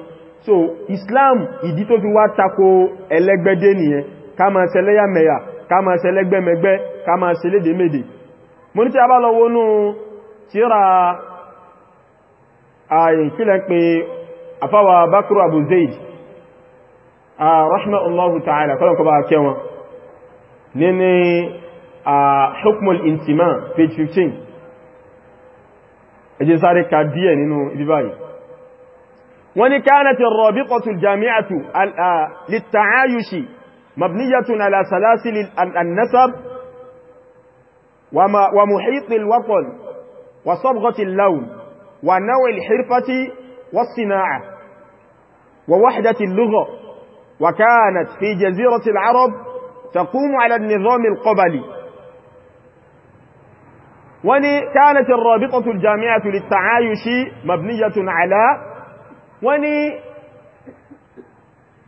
[SPEAKER 1] so Islam ìdí tó fi wá tako ẹlẹ́gbẹ́dé nìyẹn ká máa ṣẹlẹ́yàmẹ̀yà ká kama sele ká máa mo ní tí a bá lọ tíra ààyè kílẹ̀ pé afáwà Bakru Abu Zaid a rahimahullahu ta'ala kọ́lọ̀ kọba kẹwọn nínú a hukmul intima page 15 ẹjẹ́ sáré ka díẹ̀ nínú ibi báyìí wọ́n ni kánàtí rabiqatul jami'atu litta'ayushi mabniyatun ala salasil al-nasab wa muhit al-waqt وصبغة اللون ونوع الحرفة والصناعة ووحدة اللغة وكانت في جزيرة العرب تقوم على النظام القبلي وني كانت الرابطة الجامعة للتعايش مبنية على وني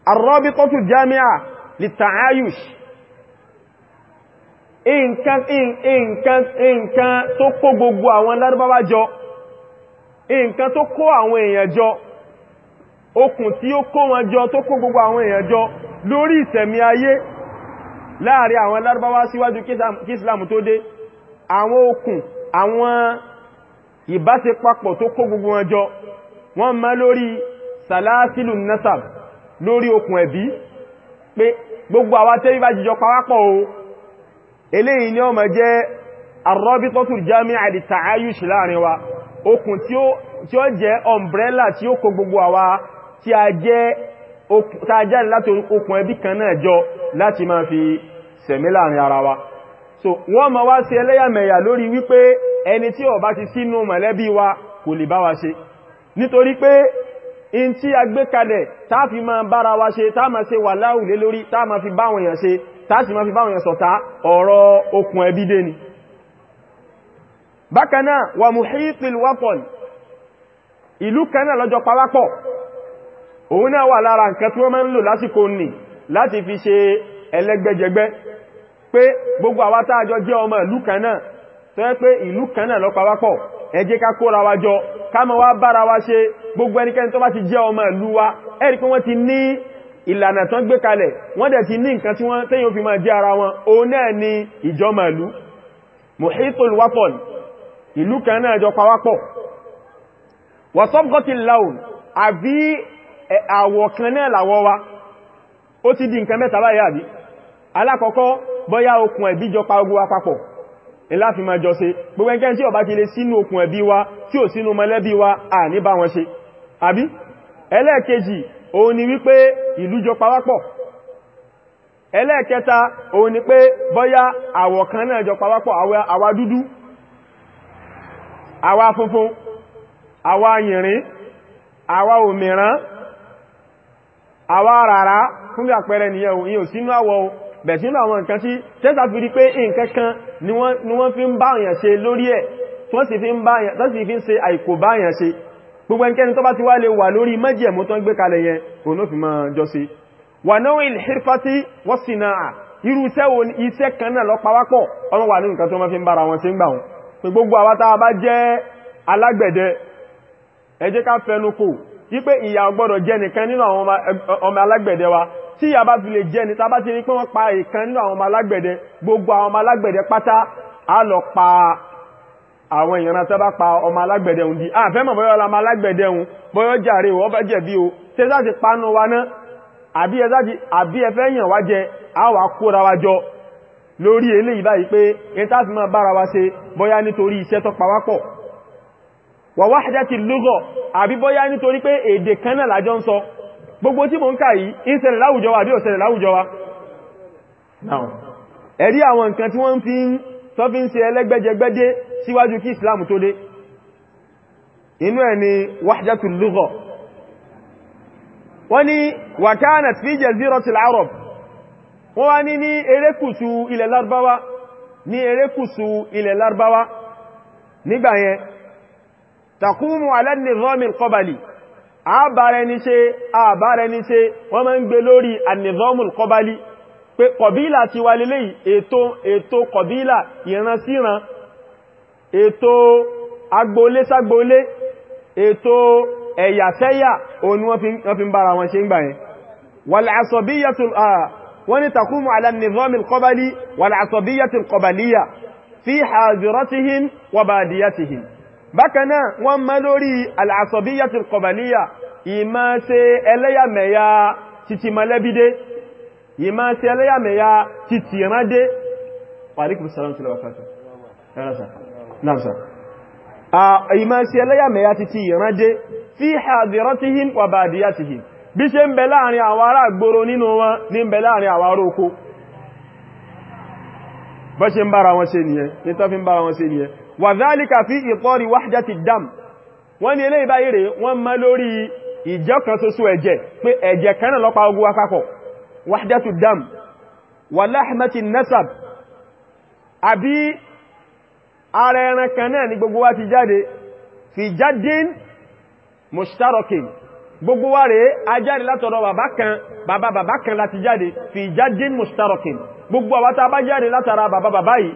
[SPEAKER 1] الرابطة الجامعة للتعايش nǹkan nǹkan nǹkan tó kó gbogbo àwọn lárúbáwá jọ nǹkan tó kó àwọn èèyàn jọ okùn tí ó kó wọn jọ tó kó gbogbo àwọn èèyàn jọ lórí ìsẹ̀mí ayé láàrin àwọn lárúbáwá síwájú kí islam tó dé àwọn okùn àwọn ìbáṣepapọ̀ tó kó gbogbo wọn jọ wọ́n má lórí sàlásílù nasab lórí okùn ẹ̀bí pé gbogbo àwa tẹ́bí bá jíjọ pawápọ̀ o eléyìí ni ó ma jẹ́ arrabitatu jami'a li ta'ayush láàrin wa okùn tí ó jẹ́ umbrella tí ó kó gbogbo àwa tí a jẹ́ tàjáde láti okùn ẹbí kan náà jọ láti máa fi sẹ̀mí láàrin ara wa so wọ́n ma wá sí ẹlẹ́yàmẹ̀yà lórí wípé ẹni tí ó bá ti sínú mọ̀lẹ́bí wa kò lè bá wa ṣe nítorí pé in tí a gbé kalẹ̀ tá fi máa bára wa ṣe tá máa ṣe wà láwùlé lórí tá máa fi báwọn èèyàn ṣe táàsì máa fi báwọn yẹn sọ̀tá ọ̀rọ̀ okùn ẹbí dé ni bákanáà wà muhitil wapon ìlú kanáà lọ́jọ́ pawápọ̀ òun náà wà lára nǹkan tí wọ́n máa ń lò lásìkò nì láti fi ṣe ẹlẹ́gbẹ́jẹgbẹ́ pé gbogbo àwa tá a jọ jẹ́ ọmọ ìlú kanáà tó yẹ pé ìlú kanáà lọ pawápọ̀ ẹ ká kóra wa jọ ká máa wá bára wa ṣe gbogbo ẹnikẹ́ni tó bá ti jẹ́ ọmọ ìlú wa ẹ̀rí pé wọ́n ti ní ìlànà tán gbé kalẹ̀ wọ́n dẹ̀ ti ní nǹkan tí wọ́n tẹ́yìn fi máa jẹ́ ara wọn òun náà ni ìjọmàlú mohitul wapon ìlú kan náà jọ pawápọ̀ wasọ́bgọ́tí laun àbí àwọ̀ kan náà làwọ̀ wa ó ti di nǹkan mẹ́ta báyìí àbí alákọ̀ọ́kọ́ bọ́yá okùn ẹbí jọ pa ogun apapọ̀ ńlá fi máa jọ ṣe gbogbo òun ni wípé ìlú jọ pawápọ̀ ẹlẹ́ẹ̀kẹta òun ni pé bọ́yá àwọ̀ kan náà jọ pawápọ̀ àwa dúdú àwa funfun àwa yìnrín àwa òmìrán àwa rárá fún bí àpẹẹrẹ nìyẹn ìyẹn ò sínú àwọ̀ bẹ̀ sínú àwọn nǹkan tí tẹ́sà fi rí pé ni wọ́n gbogbo ẹnikẹ́ni tó bá ti wá lè wà lórí májẹ̀mú tó ń gbé kalẹ̀ yẹn òun ló fi máa jọ sí wà náà ìlhírfàtí wọ́n sì náà irú iṣẹ́ kan náà lọ pawápọ̀ ọmọ wà ní nǹkan tó máa fi ń bára wọn sí ń gbà wọn pé gbogbo àwa bá jẹ́ alágbẹ̀dẹ ẹ ká fẹnu kò wípé ìyà ọgbọ́dọ̀ jẹ́ nìkan nínú àwọn ọmọ alágbẹ̀dẹ wa tí ìyà bá fi lè jẹ́ ni tá bá pé wọ́n pa ìkan nínú àwọn ọmọ alágbẹ̀dẹ gbogbo àwọn ọmọ alágbẹ̀dẹ pátá á lọ pa àwọn èèyàn tó bá pa ọmọ alágbẹ̀dẹ̀ ń di àfẹ́ ah, mọ̀ bọ́yọ́ ọmọ alágbẹ̀dẹ̀ ń bọ́yọ́ jàre wọ́n bá jẹ̀ bí o ṣe sáti panu wa ná àbí ẹ sáti àbí ẹ fẹ́ yàn wá jẹ àwà kóra wa jọ lórí eléyìí báyìí pé ìtàsí bára wa ṣe bọ́yá nítorí iṣẹ́ tó pa wá pọ̀ wà wáhádá ti lúgọ̀ àbí bọ́yá nítorí pé èdè kan náà lájọ́ ń sọ gbogbo tí mo ń kà yìí ń ṣẹlẹ̀ láwùjọ wa àbí ò ṣẹlẹ̀ láwùjọ wa ẹ̀rí àwọn nǹkan tí wọ́n fi ń sọ́fí ẹlẹ́gbẹ́jẹgbẹ́dé síwájú kí islam tó dé inú ẹ̀ ni wahdatul lugha wọ́n ni wa kanat fi jaziratil arab wọ́n wá ní ní erékùsù ilẹ̀ larbawa ní erékùsù ilẹ̀ larbawa nígbà yẹn taqumu ala nizamil qabali àbárẹniṣe àbárẹniṣe wọ́n máa ń gbé lórí an-nizamul pé kọ̀bílà ti wà lélẹ́yìí ètò ètò kọ̀bílà ètò agboolé ságboolé ètò ẹ̀yà sẹ́yà òun ni wọ́n fi ń bára wọn ṣe ń gbà yẹn wàlàṣọ̀bíyàtù wọ́n ni takúmù alànìzọ́mì kọbalí wàlàṣọ̀bíyàtù kọbalíyà fi hàzìrọ́tíhìn wàbàdíyàtíhìn bákanáà wọ́n má lórí alàṣọ̀bíyàtù kọbalíyà ìmá ṣe ẹlẹ́yàmẹ̀yà títí malẹ́bídé náà ìmáṣe ẹlẹ́yàmẹ̀yà ti ti ìrànjẹ́ fi hadiratihim wa badiyatihim bí ṣe ń bẹ láàrin àwọn ará gbòrò nínú wọn ní ń bẹ láàrin àwọn ará oko bọ́ ṣe ń bára wọn ṣe nìyẹn ní tọ́ fi ń bára wọn ṣe nìyẹn wa dhalika fi ìtọ́rí wahdati dam wọ́n ní ilé ìbáyé rẹ̀ wọ́n mọ́ lórí ìjẹ́ kan ṣoṣo ẹ̀jẹ̀ pé ẹ̀jẹ̀ kan náà ló pa ogun apapọ̀ wahdati dam wa lahmati nasab àbí ara ẹran kan náà ni gbogbo wa ti jáde fi jádín mushtarakin gbogbo wa rẹ̀ a jáde látọ̀dọ̀ bàbá kan bàbá bàbá kan láti jáde fi jádín mushtarakin gbogbo àwátá bá jáde látara bàbá bàbá yìí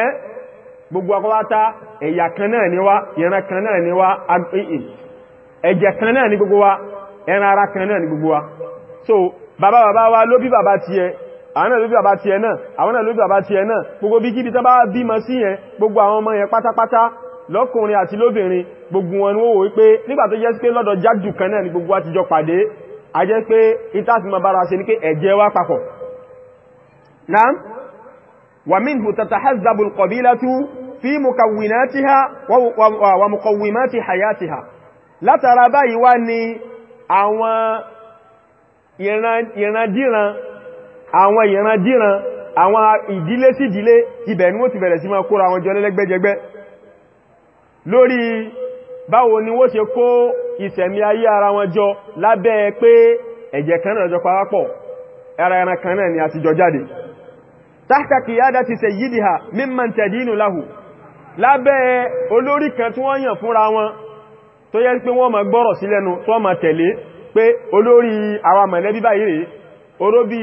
[SPEAKER 1] ẹ́ gbogbo àwátá ẹ̀yà kan náà ni wá ìran kan náà ni wá ẹ̀jẹ̀ kan náà ni gbogbo wa ẹran ara kan náà ni gbogbo wa so bàbá bàbá wa ló bí bàbá tiẹ̀ àwọn náà ló bí bàbá ti ẹ̀ náà àwọn náà ló bí bàbá ti ẹ̀ gbogbo bí kíbi tán bá bímọ sí yẹn gbogbo àwọn ọmọ yẹn pátápátá lọ́kùnrin àti lóbìnrin gbogbo wọn ni wọ́n wò nígbà tó jẹ́ pé lọ́dọ̀ jádù kan náà ni gbogbo àtijọ́ pàdé a jẹ́ pé ìtàsímọ̀ bára ṣe ní pé ẹ̀jẹ̀ wá papọ̀ ìrandíran àwọn ìrandíran àwọn ìdílé sí ìdílé ibẹ̀ ni wọ́n ti bẹ̀rẹ̀ sí máa kóra wọn jọ lẹ́lẹ́gbẹ́jẹgbẹ́ lórí báwo ni wọ́n ṣe kó ìṣẹ̀mí ayé ara wọn jọ lábẹ́ pé ẹ̀jẹ̀ ni a ti jọ jáde tahta qiyadati sayyidiha mimman tadinu lahu lábẹ́ olórí kan tí wọ́n yàn fúnra wọn tó yẹ pé wọ́n máa gbọ́rọ̀ sí lẹ́nu tó máa tẹ̀lé pé olórí àwa mọ̀lẹ́bí báyìí rèé oróbí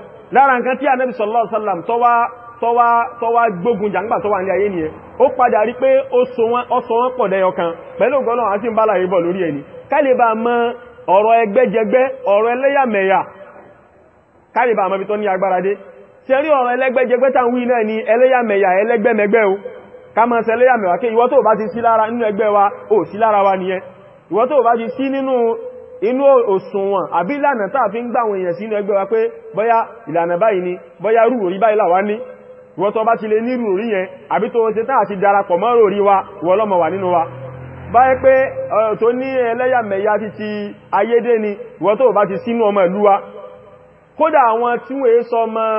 [SPEAKER 1] lára nǹkan tí Ànábì sallallahu alaihi wasallam tọ́wá gbógun jàǹgbà tọ́wà ní ayé nìyẹn ó padà rí pé ó so wọ́n pọ̀ dẹyọ kan pẹ̀lú ọgọ́lọ́ àti ń bá láyé bọ̀ lórí ẹni kálíbà mọ ọ̀rọ̀ ẹgbẹ́jẹgbẹ́ ọ̀rọ̀ ẹlẹ́yàmẹ̀yà kálíbà mọ́ bí tó ní agbára dé ṣe rí ọ̀rọ̀ ẹlẹ́gbẹ́jẹgbẹ́ tàn wí náà ni ẹlẹ́yàmẹ̀yà ẹlẹ́gbẹ́mẹgbẹ́ o ká mọ́ inú òṣùwọ̀n àbí ìlànà tàà fi ń gbà àwọn èèyàn sínú ẹgbẹ́ wa pé bọ́yá ìlànà báyìí ni bọ́yá rú orí báyìí làwá ní wọ́n tó bá ti lè ní rú orí yẹn àbí tó ṣe tàà ti darapọ̀ mọ́ orí wa wọ́n lọ́mọ wà nínú wa báyẹ́ pé ọ̀rọ̀ tó ní ẹlẹ́yàmẹ̀yà ti ti ayédé ni wọ́n tó bá ti sínú ọmọ ìlú wa kódà àwọn tí wọ́n sọ mọ́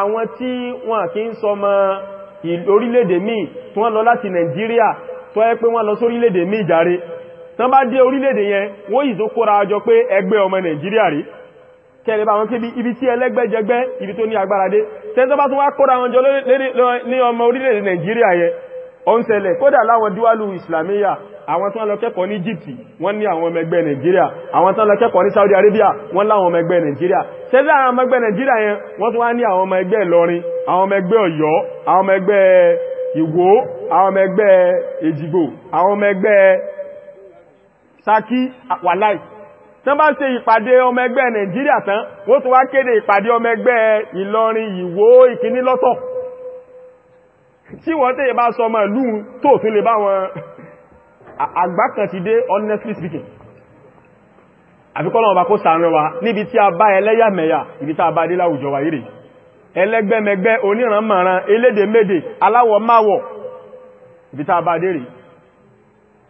[SPEAKER 1] àwọn tí wọ́n kì ń sọ mọ́ orílẹ̀-èdè míì tí wọ́n lọ láti Nàìjíríà tó yẹ pé wọ́n lọ sórílẹ̀-èdè míì jàre tán bá dé orílẹ̀-èdè yẹn wọ́n yìí tó kóra jọ pé ẹgbẹ́ ọmọ nàìjíríà rí kẹrẹ bá wọn kébí ibi tí ẹlẹ́gbẹ́jẹgbẹ́ ibi tó ní agbára dé tẹ́ntọ́ bá tún wá kóra wọn jọ ní ọmọ orílẹ̀-èdè nàìjíríà yẹn ó ń ṣẹlẹ̀ kódà àwọn Egypt wọ́n ní àwọn ọmọ ẹgbẹ́ Nàìjíríà àwọn tán lọ kẹ́kọ̀ọ́ ní Saudi Arabia wọ́n láwọn ọmọ ẹgbẹ́ Nàìjíríà tẹ́lẹ̀ àwọn ọmọ ẹgbẹ́ Nàìjíríà yẹn wọ́n tún wá ní àwọn ọmọ ẹgbẹ́ Ìlọrin àwọn ọmọ ẹgbẹ́ Ọ̀yọ́ àwọn ọmọ ẹgbẹ́ àwọn ọmọ ẹgbẹ́ Saki ah, wàláì tán bá ń ṣe ìpàdé ọmọ ẹgbẹ́ Nàìjíríà tán wọ́n tún wá kéde ìpàdé ọmọ ẹgbẹ́ Ìlọrin Ìwó ìkíní lọ́tọ̀ tí wọ́n tẹ́yẹ bá sọ ọmọ ìlú tó tún lè bá wọn àgbà kan ti dé honestly speaking àfikọ́lọ́wọ́ bá kó sàárẹ̀ wa níbi tí a bá ẹlẹ́yàmẹ̀yà ibi tí a bá dé láwùjọ wa yìí ẹlẹ́gbẹ́mẹgbẹ́ oníranmọ̀ràn elédèmédè aláwọ̀ máwọ̀ ibi tí a bá dé rèé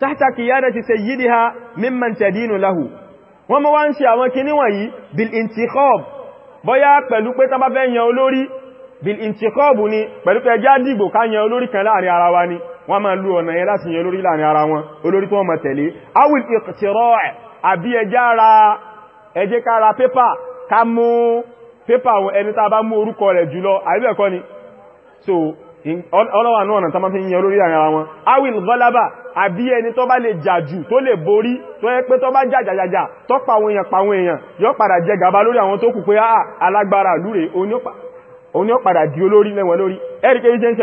[SPEAKER 1] tahta qiyadati sayyidiha mimman tadinu lahu wọ́n mọ́ wá ń ṣe àwọn kinní wọ̀nyí bil intikhob bóyá pẹ̀lú pé tán bá fẹ́ yan olórí bil intikhob ni pẹ̀lú pé ẹjá dìgbò ká yan olórí kan láàrin ara wa ni wọ́n máa lú ọ̀nà yẹn láti yan olórí láàrin ara wọn ọlọ́wà náà ọ̀nà tó máa fi yẹn olórí ara wọn awil gọ́lábà àbí ẹni tó bá lè jàjù tó lè borí tó yẹ pé tó bá jàjàjàjà tó pàwọn èèyàn pàwọn èèyàn yóò padà jẹ gàba lórí àwọn tó kù pé àà ah, alágbára lúre oní ó padà di olórí lẹ́wọ̀n lórí ẹ́ríkẹ́ iṣẹ́ ń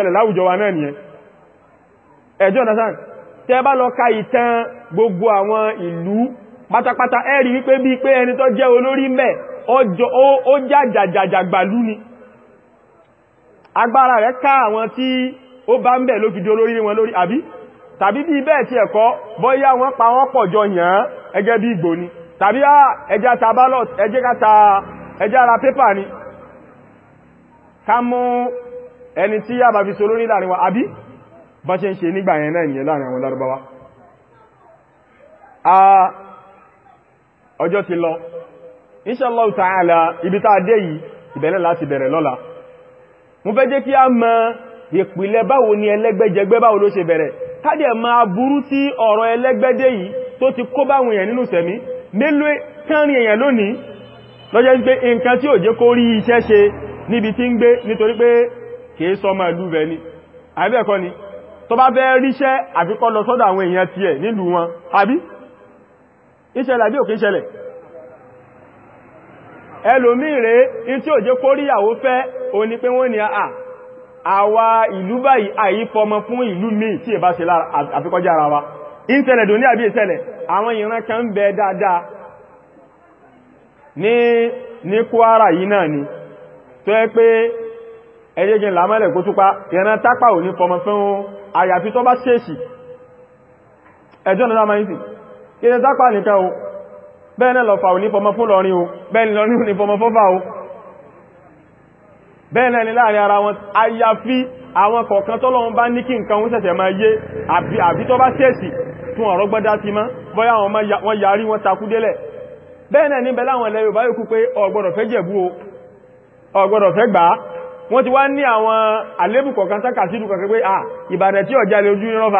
[SPEAKER 1] ṣẹlẹ̀ agbára rẹ̀ ká àwọn tí ó bá ń bẹ̀ ló fi di olórí wọn lórí àbí tàbí bí bẹ́ẹ̀ tí ẹ̀kọ́ bọ́yá wọ́n pa wọ́n pọ̀ jọ yàn án ẹgẹ́ bí ìgbò ni tàbí ẹjá ta ballot ẹjẹ́ káta ẹjá ra pépà ni ká mú ẹni tí yá bá fi so lórí láàrin wa àbí bá ṣe ń ṣe nígbà yẹn láàrin àwọn lárúbáwá a ọjọ́ ti lọ inshallah ta'ala ibi tá a mo fẹ́ jẹ́ kí a mọ ìpìlẹ̀ báwo ni ẹlẹ́gbẹ́jẹgbẹ́ báwo ló ṣe bẹ̀rẹ̀ kádẹ̀ ma burú tí ọ̀rọ̀ ẹlẹ́gbẹ́dé yìí tó ti kó báwọn èèyàn nínú sẹ̀mí ni àbẹ́ẹ̀kọ́ ni tó bá fẹ́ ríṣẹ́ àfikọ́ lọ sọ́dọ̀ àwọn èèyàn tiẹ̀ nílùú wọn àbí ìṣẹ̀lẹ̀ àbí òkè ìṣẹ̀lẹ̀ ẹlòmíì rẹ̀ in tí ò jẹ́ kóríyàwó fẹ́ o ní pé wọ́n ni à àwa ìlú báyìí fọmọ fún ìlú míì tí ìbá ṣe wa ìtẹ̀lẹ̀ ní àbí ìtẹ̀lẹ̀ àwọn ìran kan bẹ dáadáa ní ní Kwara yìí náà ni tó ẹ pé ẹjẹ́gin kó ìran tápà ò ní fọmọ fún àyàfi tó bá ṣèṣì o bẹ́ẹ̀ náà lọ́fà ò ní fọmọ fún lọ́rin o bẹ́ẹ̀ ni lọ́rin ò ní fọmọ fọ́fà o bẹ́ẹ̀ náà ni láàrin ara wọn àyàfi àwọn kọ̀ọ̀kan tọ́lọ́run bá ní kí nǹkan ń ṣẹ̀ṣẹ̀ máa yé àbí tó bá ṣẹ̀ṣì tún ọ̀rọ̀ gbọ́dá ti mọ́ bóyá wọ́n yarí wọn takúdélẹ̀ bẹ́ẹ̀ náà níbẹ̀ o ó gbọ́dọ̀ fẹ́ gbà á wọ́n ti wá ní àwọn àlébù kọ̀ọ̀kan tákà sídù kọ̀ọ̀kan pé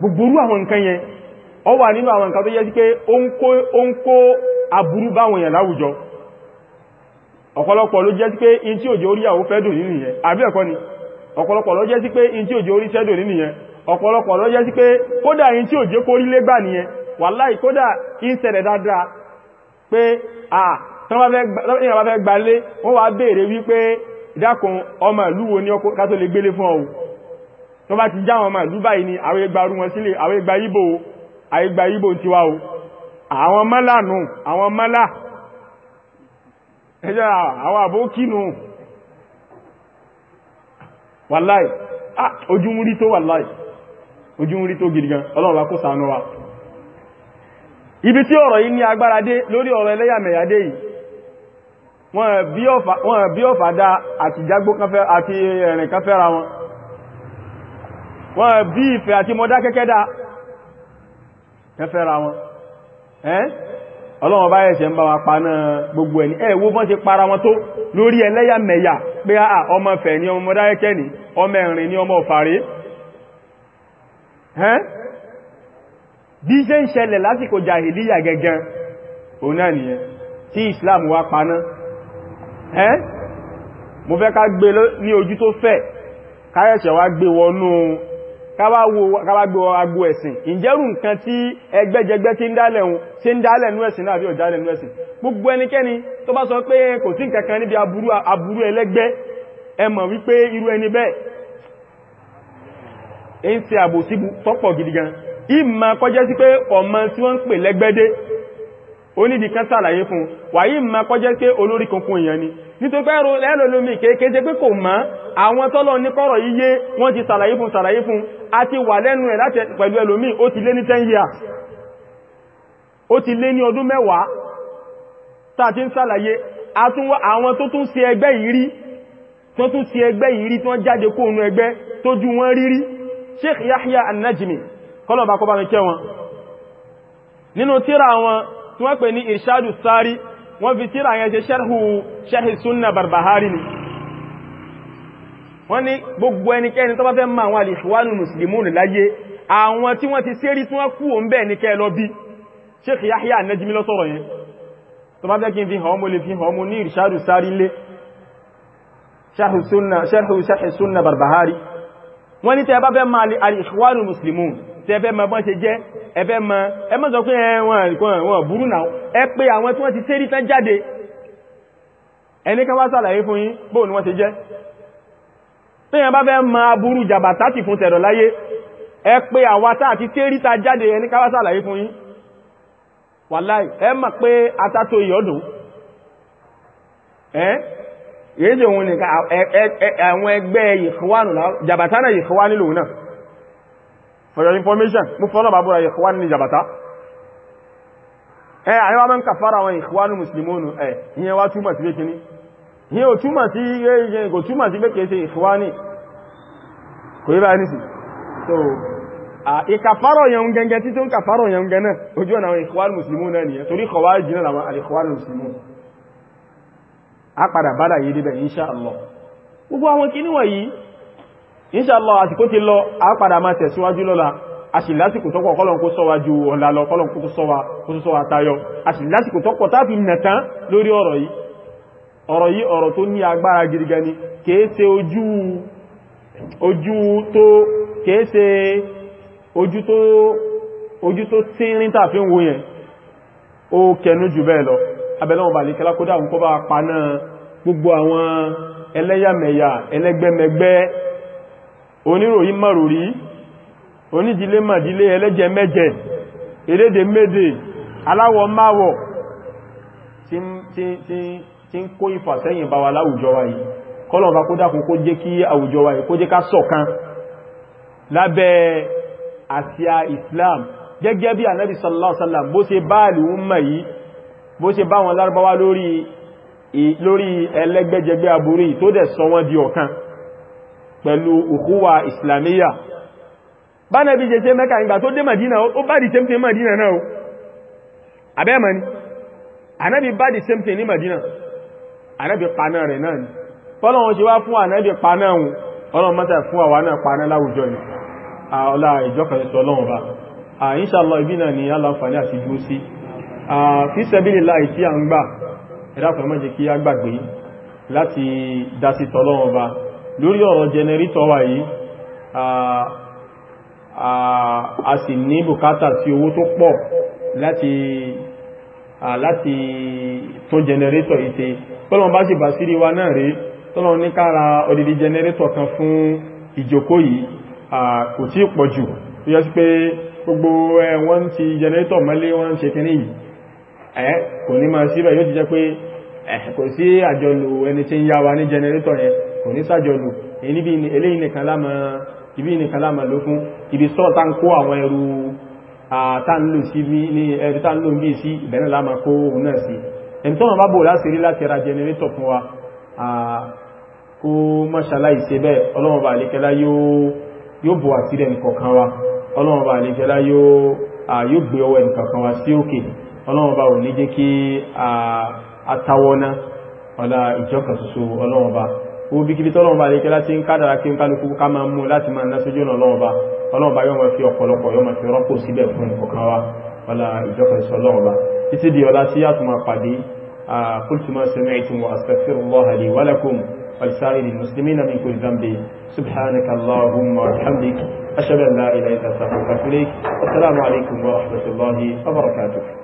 [SPEAKER 1] gbogbo àwọn nǹkan yẹn ọ wà nínú àwọn nǹkan tó yẹ sí pé ó ń kó aburú báwọn èèyàn láwùjọ ọ̀pọ̀lọpọ̀ ló jẹ́ sí pé in tí òjò orí àwọn fẹ́ dùn nínú yẹn àbí ẹ̀kọ́ ni ọ̀pọ̀lọpọ̀ ló jẹ́ sí pé in tí òjò orí fẹ́ dùn nínú yẹn ọ̀pọ̀lọpọ̀ ló jẹ́ sí pé kódà in tí òjò kórí lé gbà nìyẹn kódà in dáadáa pé à bá fẹ́ gbalé wọ́n wá wípé dákun ọmọ ìlú wo ọkọ̀ tó bá ti já wọn máa lúbà yìí ni àwọn ẹgbà rú wọn sílẹ̀ àwọn ẹgbà ìbò àìgbà ìbò ti wá o àwọn mọ́là nù àwọn mọ́là ẹjọ́ àwọn àbókínù ah, wàláì ojú ń tó wàláì ojú tó gidi gan wa kó ṣàánú wa ibi tí ọ̀rọ̀ yìí ní agbára dé lórí ọ̀rọ̀ ẹlẹ́yàmẹ̀yà dé yìí wọ́n bí ọ̀fà dá àti jágbó kan fẹ́ àti ẹ̀rìn kan fẹ́ra wọn wọ́n bí ìfẹ́ àti mọ́dá kẹ́kẹ́dá ẹfẹ́ra wọn ẹ́n ọlọ́wọ́n bá ẹ̀ṣẹ̀ ń bá wa paná gbogbo ẹni ẹ wo bọ́n ṣe para wọn tó lórí ẹlẹ́yàmẹ̀yà pé à ọmọ fẹ̀ ní ọmọ mọ́dá kẹ́kẹ́ ní ọmọ ẹ̀rìn ní ọmọ ọ̀fàrí ẹ́n bí ṣe ń ṣẹlẹ̀ lásìkò jàhìlíyà gẹ́gẹ́ òun náà nìyẹn tí Islam wá paná ẹ́n mo wọnú káwà gbọ́ agbó ẹ̀sìn ìjẹ́rù nǹkan tí ẹgbẹ́jẹgbẹ́ tí ń dálẹ̀ ohun tí ń dálẹ̀ nú ẹ̀sìn náà bí ò dálẹ̀ nú ẹ̀sìn gbogbo ẹnikẹ́ni tó bá sọ pé kò sí nǹkankan níbi aburú ẹlẹ́gbẹ́ ẹ mọ̀ wípé irú ẹni bẹ́ẹ̀ ń ṣe àbòsí tọ́pọ̀ gidi gan ìmọ̀ kọjẹ́ sí pé ọmọ tí wọ́n ń pè lẹ́gbẹ́dé kan sàlàyé fún wàyí ìmọ̀ kọjẹ́ pé olórí kankan èèyàn ni nítorí pẹ́rù lẹ́lọ́lómi kéèkéé jẹ́ pé kò mọ́ àwọn tọ́lọ ní yíyé wọ́n ti sàlàyé fún sàlàyé fún a ti wà lẹ́nu ẹ̀ láti pẹ̀lú ẹlòmí ó ti lé ní 10 years ó ti lé ní ọdún mẹ́wàá tá a ti ń sàlàyé àwọn tó tún sí ẹgbẹ́ yìí rí tó tún sí ẹgbẹ́ yìí rí tí wọ́n jáde kó ònú ẹgbẹ́ tó ju wọ́n rírí Sheikh Yahya An-Najmi kọlọ̀bà kọba mẹ́kẹ́ wọn nínú tíra wọn tí wọ́n pè ní Irshadu Sari wọ́n fi tíra yẹn ṣe sharhu Sharh Sunnah Barbahari ni wọ́n ní gbogbo ẹnikẹ́ni tó bá fẹ́ máa àwọn alìṣíwánù mùsùlùmí láyé àwọn tí wọ́n ti sérí tí wọ́n kú òun bẹ́ẹ̀ ní kẹ́ lọ bí Sheikh Yahya Najmi ló sọ̀rọ̀ yẹn tó bá fẹ́ kí n fi hàn mo lè fi hàn mo ní ìrìṣàrù sárí lé Sharh Sunnah Barbahari wọ́n ní tẹ́ bá fẹ́ máa alìṣíwánù mùsùlùmí tẹ́ fẹ́ máa bọ́n ṣe jẹ́ ẹfẹ́ mọ́ ẹ mọ́ sọ pé wọn burú náà ẹ pé àwọn tí wọ́n ti sérí tán jáde ẹni kan wá sàlàyé fún yín bóò ni wọ́n ṣe jẹ́ tẹ́yàn bá fẹ́ máa burú jàbà tàti fún tẹ̀rọ láyé ẹ pé àwa àti tẹ́ríta jáde ẹni ká wá ṣàlàyé fún yín wàláì ẹ mà pé atátó ìyọ́dùn ẹ́ èéjì òun nìkan àwọn ẹgbẹ́ ìkọwánù nílò náà for your information mú fọ́nà bàbúrà ìkọwá ní jàbàtà ẹ àríwá mẹ́ ń kàfàrà àwọn ìkọwánù mùsùlùmí ẹ̀ ìyẹn wá túmọ̀ sí ní o túmọ̀ sí ẹgbẹ́ kò túmọ̀ sí pé ṣe ìfúwání kò yí bá ní sí so ìkàfàrọ̀ yẹn gẹ́gẹ́ títí ń kàfàrọ̀ yẹn gẹ́nà ojú ọ̀nà àwọn ìkọwàrí musulmù náà nìyẹn torí kọwàá jìnà àwọn àríkọwàrí musulmù a padà bádà yìí débẹ̀ inṣáàlọ́ gbogbo àwọn kí níwọ̀ yìí inṣáàlọ́ àsìkò ti lọ a padà máa tẹ̀síwájú lọ́la a sì lásìkò tọ́pọ̀ kọ́lọ̀n kó sọ́wà ju ọ̀la lọ ọ̀rọ̀ yìí ọ̀rọ̀ tó ní agbára gidigan ni kèése ojú ojú tó kèése ojú tó ojú tó tínrín tàfí ń wo yẹn ó kẹnu jù bẹ́ẹ̀ lọ abẹ́lọ́wọ̀n bà lè kẹ́lá kó dáhùn kó bá paná gbogbo àwọn ẹlẹ́yàmẹ̀yà ẹlẹ́gbẹ́mẹgbẹ́ oníròyí mọ̀ròrí onídílé mọ̀dílé ẹlẹ́jẹ mẹ́jẹ elédè médè aláwọ̀ máwọ̀ tí ń kó ìfàsẹ́yìn bá wa láwùjọ wa yìí kọ́lọ̀nà kó dákun kó jẹ́ kí àwùjọ wa yìí kó jẹ́ ká ṣọ̀kan lábẹ́ àsíá Islam gẹ́gẹ́ bí Ànábì sallallahu alaihi wasallam bó ṣe bá àlùmọ̀ yìí bó ṣe bá wọn lárúbáwá lórí ẹlẹ́gbẹ́jẹgbẹ́ aburú tó ukhuwa islamiyya bá Ànábì jẹ́ ṣe mẹ́ka ìgbà Madina ó bá di same thing Madina náà abẹ́mọ̀ ni Ànábì bá di same thing ní Madina ànábì paná rẹ̀ náà ni fọ́lọ́wọ́n ṣe wá fún ànábì paná wọn ọlọ́run mọ́ta fún àwa náà paná láwùjọ ni ọlá ìjọkànṣọ́ ọlọ́run bá inshallah ibi náà ni aláǹfààní àti dúró sí fi sabilillah tí a ń gbà ẹ̀dàkùn mọ́jẹ kí a gbàgbé láti dásí tọ́lọ́run bá lórí ọ̀rọ̀ jẹnẹrétọ̀ wà a sì ní bùkátà sí owó tó pọ̀ láti tún jẹnẹrétọ̀ ìṣe tọ́lọ́n bá sì bá sírí wa náà rí tọ́lọ́n ní kára odidi jẹnẹrétọ̀ kan fún ìjókòó yìí kò tí pọ̀ jù tó yẹ sí pé gbogbo wọ́n ti jẹnẹrétọ̀ mọ́lé wọ́n ṣe kìíní yìí ẹ̀ kò ní máa síbẹ̀ yóò ti jẹ́ pé kò sí àjọlù ẹni tí ń lámà ló fún ibi sọ́ọ̀tà ń kó àwọn ẹrù tánlò sí ní ẹ̀rí tánlò bí sí ìbẹ̀rẹ̀ láàmà kó ohun náà sí ẹni tọ́nà bá bò láti rí láti ra jẹnẹrétọ̀ fún wa kó mọ́ṣàlá ìṣe bẹ́ẹ̀ ọlọ́mọba àlékẹ́lá yóò bò àti rẹ̀ nìkọ̀kan wa ọlọ́mọba àlékẹ́lá yóò gbé ọwọ́ nìkọ̀kan wa sí òkè ọlọ́mọba ò ní jẹ́ kí atawọ́ná ọlá ìjọ́kà ṣoṣo ọlọ́mọba gbogbo ibi tọ́lọ́wọ́ bá lékẹ́ láti ń kádàrà kí n kálukú ká máa mú láti máa ná sójú ọ̀nà lọ́wọ́ bá ọlọ́wọ́ bá yọ́ ma fi ọ̀pọ̀lọpọ̀ yọ́ ma fi rọ́pò síbẹ̀ fún ìkọ̀kan wa